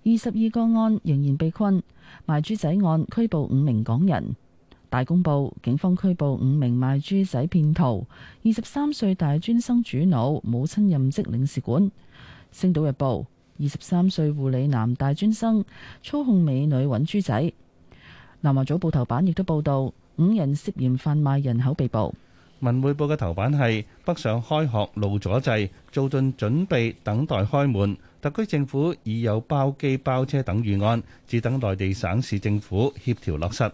二十二個案仍然被困，賣豬仔案拘捕五名港人。《大公報》：警方拘捕五名賣豬仔騙徒，二十三歲大專生主腦，母親任職領事館。《星島日報》：二十三歲護理男大專生操控美女揾豬仔。南華早報頭版亦都報道，五人涉嫌販賣人口被捕。文匯報嘅頭版係北上開學路阻滯，做盡準備等待開門。特區政府已有包機包車等預案，只等內地省市政府協調落實。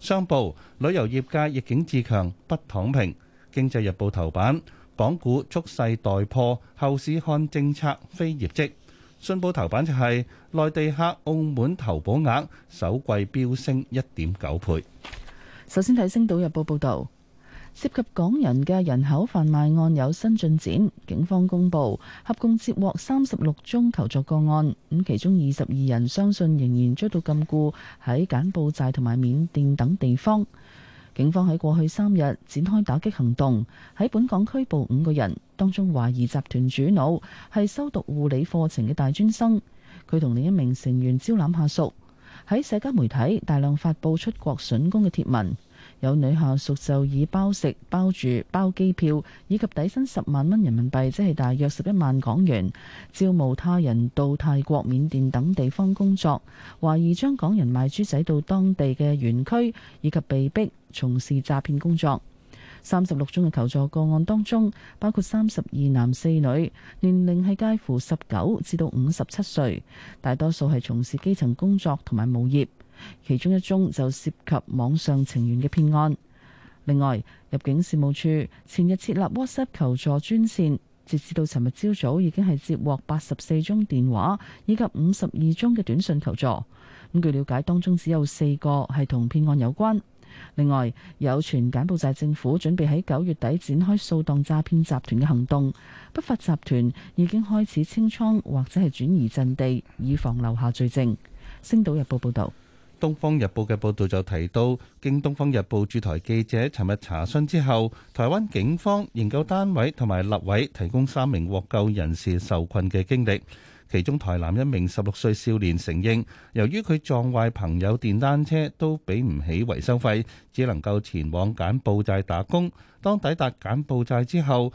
商報旅遊業界逆境自強不躺平。經濟日報頭版，港股蓄勢待破，後市看政策，非業績。信報頭版就係內地客澳門投保額首季飆升一點九倍。首先睇《星島日報》報導，涉及港人嘅人口販賣案有新進展，警方公佈合共接獲三十六宗求助個案，咁其中二十二人相信仍然遭到禁錮喺柬埔寨同埋緬甸等地方。警方喺過去三日展開打擊行動，喺本港拘捕五個人，當中懷疑集團主腦係修讀護理課程嘅大專生。佢同另一名成員招攬下屬，喺社交媒體大量發布出國筍工嘅貼文。有女下屬就以包食、包住、包機票以及底薪十萬蚊人民幣，即係大約十一萬港元，招募他人到泰國緬甸等地方工作，懷疑將港人賣豬仔到當地嘅園區以及被逼從事詐騙工作。三十六宗嘅求助個案當中，包括三十二男四女，年齡係介乎十九至到五十七歲，大多數係從事基層工作同埋無業。其中一宗就涉及網上情緣嘅騙案。另外，入境事務處前日設立 WhatsApp 求助專線，截至到尋日朝早已經係接獲八十四宗電話以及五十二宗嘅短信求助。咁據了解，當中只有四個係同騙案有關。另外，有傳柬埔寨政府準備喺九月底展開掃蕩詐騙集團嘅行動，不法集團已經開始清倉或者係轉移陣地，以防留下罪證。星島日報報道。《東方日報》嘅報導就提到，經《東方日報》駐台記者尋日查詢之後，台灣警方研究單位同埋立委提供三名獲救人士受困嘅經歷。其中台南一名十六歲少年承認，由於佢撞壞朋友電單車，都俾唔起維修費，只能夠前往柬埔寨打工。當抵達柬埔寨之後，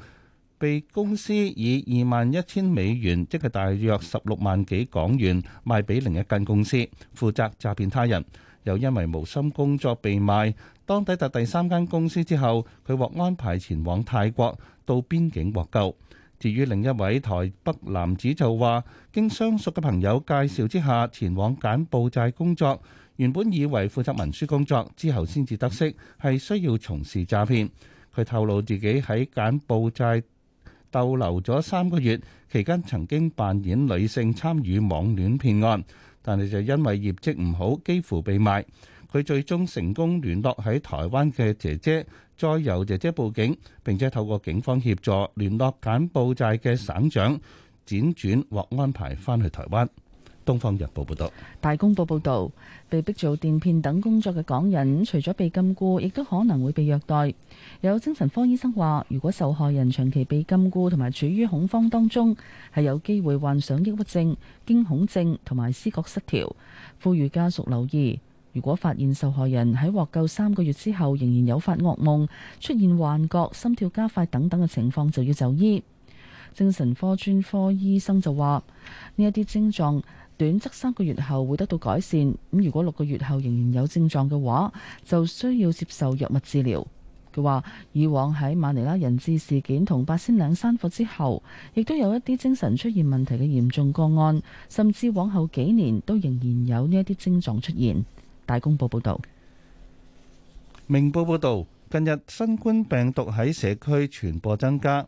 被公司以二萬一千美元，即係大約十六萬幾港元賣俾另一間公司，負責詐騙他人。又因為無心工作被賣，當抵達第三間公司之後，佢獲安排前往泰國到邊境獲救。至於另一位台北男子就話，經相熟嘅朋友介紹之下前往柬埔寨工作，原本以為負責文書工作，之後先至得悉係需要從事詐騙。佢透露自己喺柬埔寨，逗留咗三個月，期間曾經扮演女性參與網戀騙案，但係就因為業績唔好，幾乎被賣，佢最終成功聯絡喺台灣嘅姐姐，再由姐姐報警，並且透過警方協助聯絡柬埔寨嘅省長，輾轉獲安排翻去台灣。《東方日報》報道，《大公報》報道，被逼做電騙等工作嘅港人，除咗被禁錮，亦都可能會被虐待。有精神科醫生話，如果受害人長期被禁錮，同埋處於恐慌當中，係有機會患上抑鬱症、驚恐症同埋思覺失調。呼籲家屬留意，如果發現受害人喺獲救三個月之後仍然有發惡夢、出現幻覺、心跳加快等等嘅情況，就要就醫。精神科專科醫生就話，呢一啲症狀。短則三個月後會得到改善，咁如果六個月後仍然有症狀嘅話，就需要接受藥物治療。佢話：以往喺馬尼拉人質事件同八仙嶺山火之後，亦都有一啲精神出現問題嘅嚴重個案，甚至往後幾年都仍然有呢一啲症狀出現。大公報報道：「明報報道，近日新冠病毒喺社區傳播增加。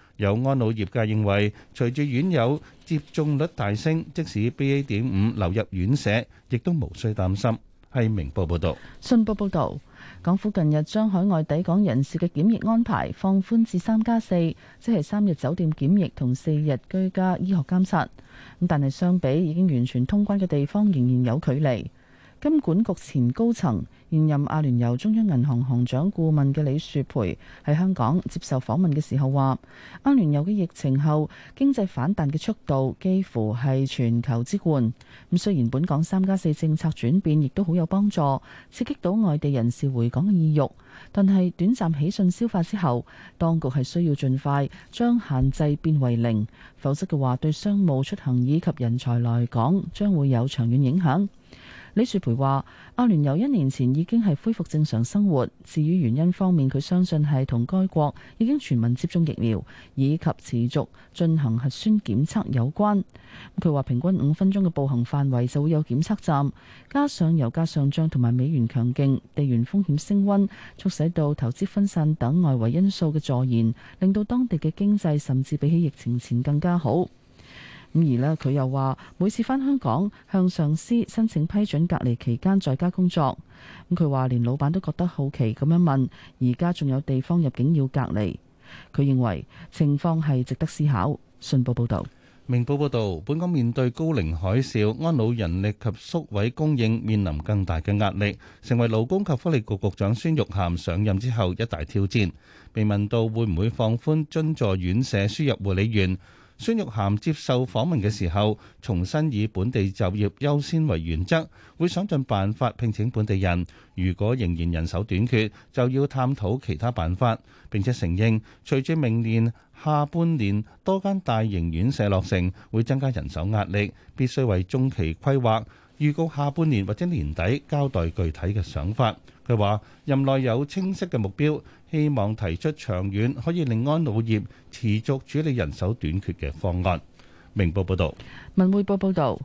有安老業界認為，隨住院友接種率大升，即使 BA.5 流入院舍，亦都無需擔心。係明報報道，信報報道，港府近日將海外抵港人士嘅檢疫安排放寬至三加四，4，即係三日酒店檢疫同四日居家醫學監察。咁但係相比已經完全通關嘅地方，仍然有距離。金管局前高層現任阿聯酋中央銀行行長顧問嘅李雪培喺香港接受訪問嘅時候話，阿聯酋嘅疫情後經濟反彈嘅速度幾乎係全球之冠。咁雖然本港三加四政策轉變亦都好有幫助，刺激到外地人士回港嘅意欲，但係短暫喜訊消化之後，當局係需要盡快將限制變為零，否則嘅話對商務出行以及人才來港將會有長遠影響。李雪培話：阿聯酋一年前已經係恢復正常生活。至於原因方面，佢相信係同該國已經全民接種疫苗以及持續進行核酸檢測有關。佢話平均五分鐘嘅步行範圍就會有檢測站，加上油價上漲同埋美元強勁，地緣風險升温、促使到投資分散等外圍因素嘅助燃，令到當地嘅經濟甚至比起疫情前更加好。咁而呢，佢又話每次返香港向上司申請批准隔離期間在家工作。咁佢話連老闆都覺得好奇咁樣問：而家仲有地方入境要隔離？佢認為情況係值得思考。信報報導，明報報導，本港面對高齡海嘯，安老人力及宿位供應面臨更大嘅壓力，成為勞工及福利局局長孫玉菡上任之後一大挑戰。被問到會唔會放寬津助院舍輸入護理員？孫玉菡接受訪問嘅時候，重新以本地就業優先為原則，會想盡辦法聘請本地人。如果仍然人手短缺，就要探討其他辦法。並且承認，隨住明年下半年多間大型院舍落成，會增加人手壓力，必須為中期規劃預告下半年或者年底交代具體嘅想法。佢話，任內有清晰嘅目標。希望提出長遠可以令安老業持續處理人手短缺嘅方案。明報報道，文匯報報道，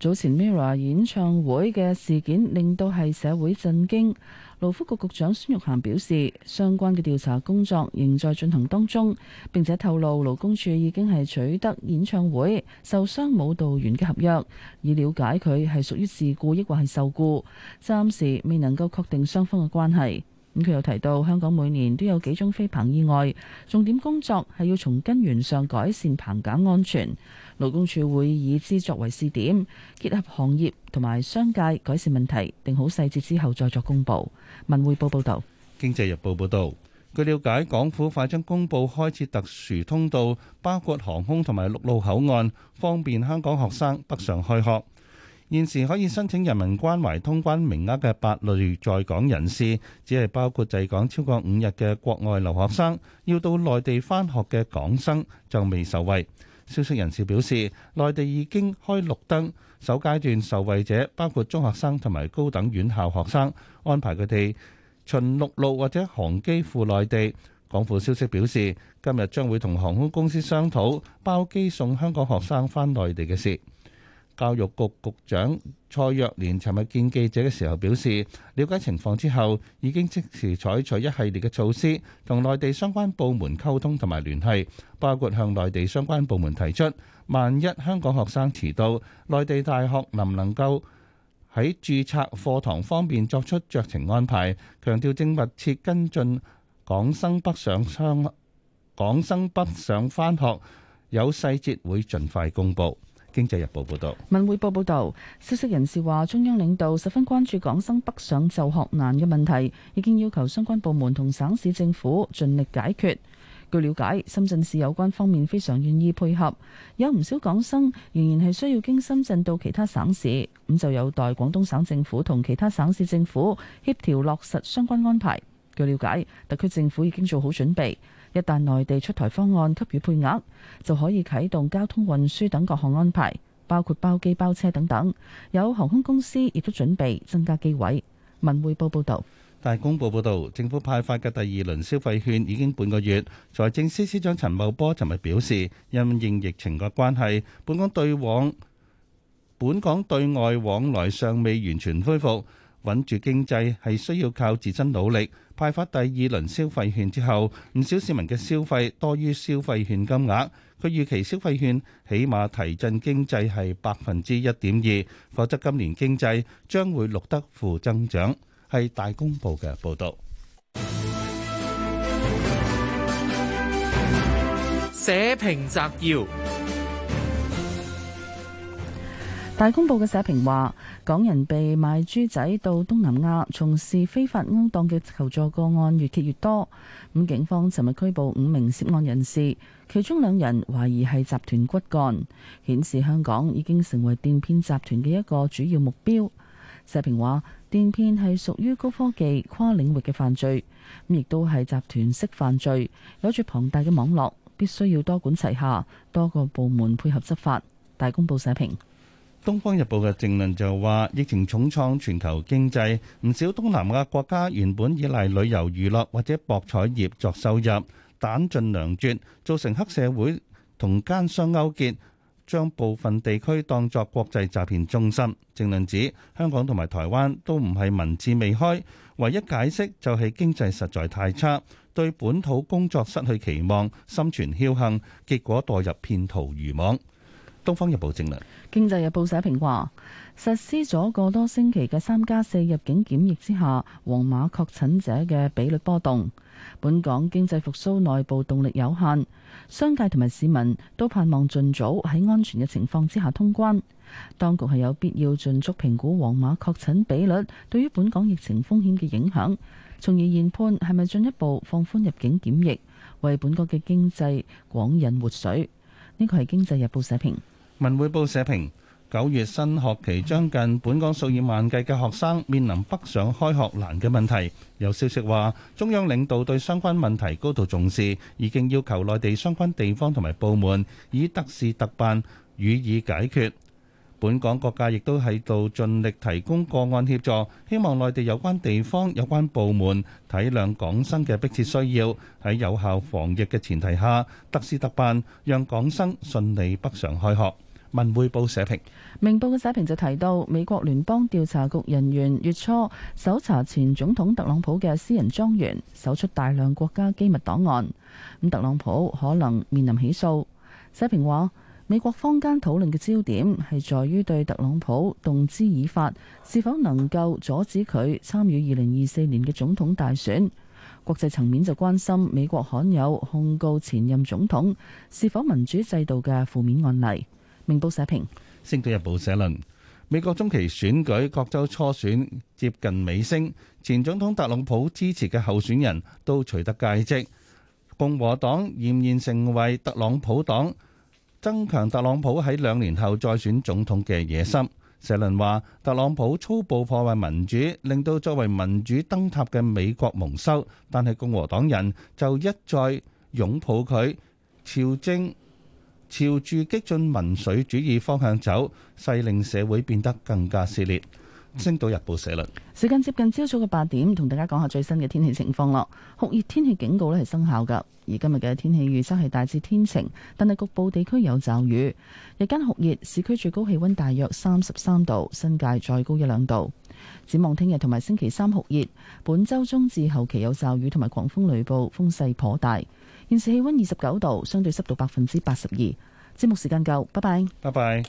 早前 MIRROR 演唱會嘅事件令到係社會震驚。勞福局局長孫玉菡表示，相關嘅調查工作仍在進行當中。並且透露，勞工處已經係取得演唱會受傷舞蹈員嘅合約，以了解佢係屬於事故抑或係受雇，暫時未能夠確定雙方嘅關係。咁佢又提到，香港每年都有幾宗飛棚意外，重點工作係要從根源上改善棚架安全。勞工處會以之作為試點，結合行業同埋商界改善問題，定好細節之後再作公布。文匯報報道，經濟日報報道。據了解，港府快將公布開設特殊通道，包括航空同埋陸路口岸，方便香港學生北上開學。現時可以申請人民關懷通關名額嘅八類在港人士，只係包括滯港超過五日嘅國外留學生，要到內地翻學嘅港生就未受惠。消息人士表示，內地已經開綠燈，首階段受惠者包括中學生同埋高等院校學生，安排佢哋循陸路或者航機赴內地。港府消息表示，今日將會同航空公司商討包機送香港學生翻內地嘅事。教育局局長蔡若蓮尋日見記者嘅時候表示，了解情況之後，已經即時採取一系列嘅措施，同內地相關部門溝通同埋聯繫，包括向內地相關部門提出，萬一香港學生遲到，內地大學能唔能夠喺註冊課堂方面作出酌情安排，強調正密切跟進港生北上香港生北上翻學，有細節會盡快公布。經濟日報報導，文匯報報導，消息人士話，中央領導十分關注港生北上就學難嘅問題，已經要求相關部門同省市政府盡力解決。據了解，深圳市有關方面非常願意配合，有唔少港生仍然係需要經深圳到其他省市，咁就有待廣東省政府同其他省市政府協調落實相關安排。據了解，特區政府已經做好準備。一旦內地出台方案給予配額，就可以啟動交通運輸等各項安排，包括包機、包車等等。有航空公司亦都準備增加機位。文匯報報道，大公報報道，政府派發嘅第二輪消費券已經半個月。財政司司長陳茂波尋日表示，因應疫情嘅關係，本港對往本港對外往來尚未完全恢復，穩住經濟係需要靠自身努力。派發第二輪消費券之後，唔少市民嘅消費多於消費券金額。佢預期消費券起碼提振經濟係百分之一點二，否則今年經濟將會錄得負增長。係大公報嘅報導，社評摘要。大公報嘅社評話：港人被賣豬仔到東南亞從事非法勾當嘅求助個案越揭越多。咁警方尋日拘捕五名涉案人士，其中兩人懷疑係集團骨幹，顯示香港已經成為電騙集團嘅一個主要目標。社評話：電騙係屬於高科技跨領域嘅犯罪，亦都係集團式犯罪，有住龐大嘅網絡，必須要多管齊下，多個部門配合執法。大公報社評。《東方日報》嘅正論就話：疫情重創全球經濟，唔少東南亞國家原本依賴旅遊娛樂或者博彩業作收入，彈盡糧絕，造成黑社會同奸商勾結，將部分地區當作國際詐騙中心。正論指香港同埋台灣都唔係民智未開，唯一解釋就係經濟實在太差，對本土工作失去期望，心存僥倖，結果墮入騙徒漁網。《東方日報》正論，《經濟日報》社評話：實施咗個多星期嘅三加四入境檢疫之下，黃碼確診者嘅比率波動。本港經濟復甦內部動力有限，商界同埋市民都盼望盡早喺安全嘅情況之下通關。當局係有必要盡速評估黃碼確診比率對於本港疫情風險嘅影響，從而研判係咪進一步放寬入境檢疫，為本國嘅經濟廣引活水。呢個係《經濟日報》社評。文匯報社評：九月新學期將近，本港數以萬計嘅學生面臨北上開學難嘅問題。有消息話，中央領導對相關問題高度重視，已經要求內地相關地方同埋部門以特事特辦予以解決。本港各界亦都喺度盡力提供個案協助，希望內地有關地方有關部門體諒港生嘅迫切需要，喺有效防疫嘅前提下，特事特辦，讓港生順利北上開學。文匯報社評，明報嘅社評就提到，美國聯邦調查局人員月初搜查前總統特朗普嘅私人莊園，搜出大量國家機密檔案。咁特朗普可能面臨起訴。社評話，美國坊間討論嘅焦點係在於對特朗普動之以法，是否能夠阻止佢參與二零二四年嘅總統大選。國際層面就關心美國罕有控告前任總統是否民主制度嘅負面案例。明報社評，《星島日報》社論：美國中期選舉各州初選接近尾聲，前總統特朗普支持嘅候選人都取得佳績，共和黨儼然成為特朗普黨，增強特朗普喺兩年後再選總統嘅野心。社論話，特朗普粗暴破壞民主，令到作為民主燈塔嘅美國蒙羞，但係共和黨人就一再擁抱佢，朝政。朝住激進民粹主義方向走，勢令社會變得更加撕裂。《星島日報》社論。時間接近朝早嘅八點，同大家講下最新嘅天氣情況咯。酷熱天氣警告咧係生效噶，而今日嘅天氣預測係大致天晴，但係局部地區有驟雨。日間酷熱，市區最高氣温大約三十三度，新界再高一兩度。展望聽日同埋星期三酷熱，本周中至後期有驟雨同埋狂風雷暴，風勢頗大。現時氣溫二十九度，相對濕度百分之八十二。節目時間夠，拜拜。拜拜。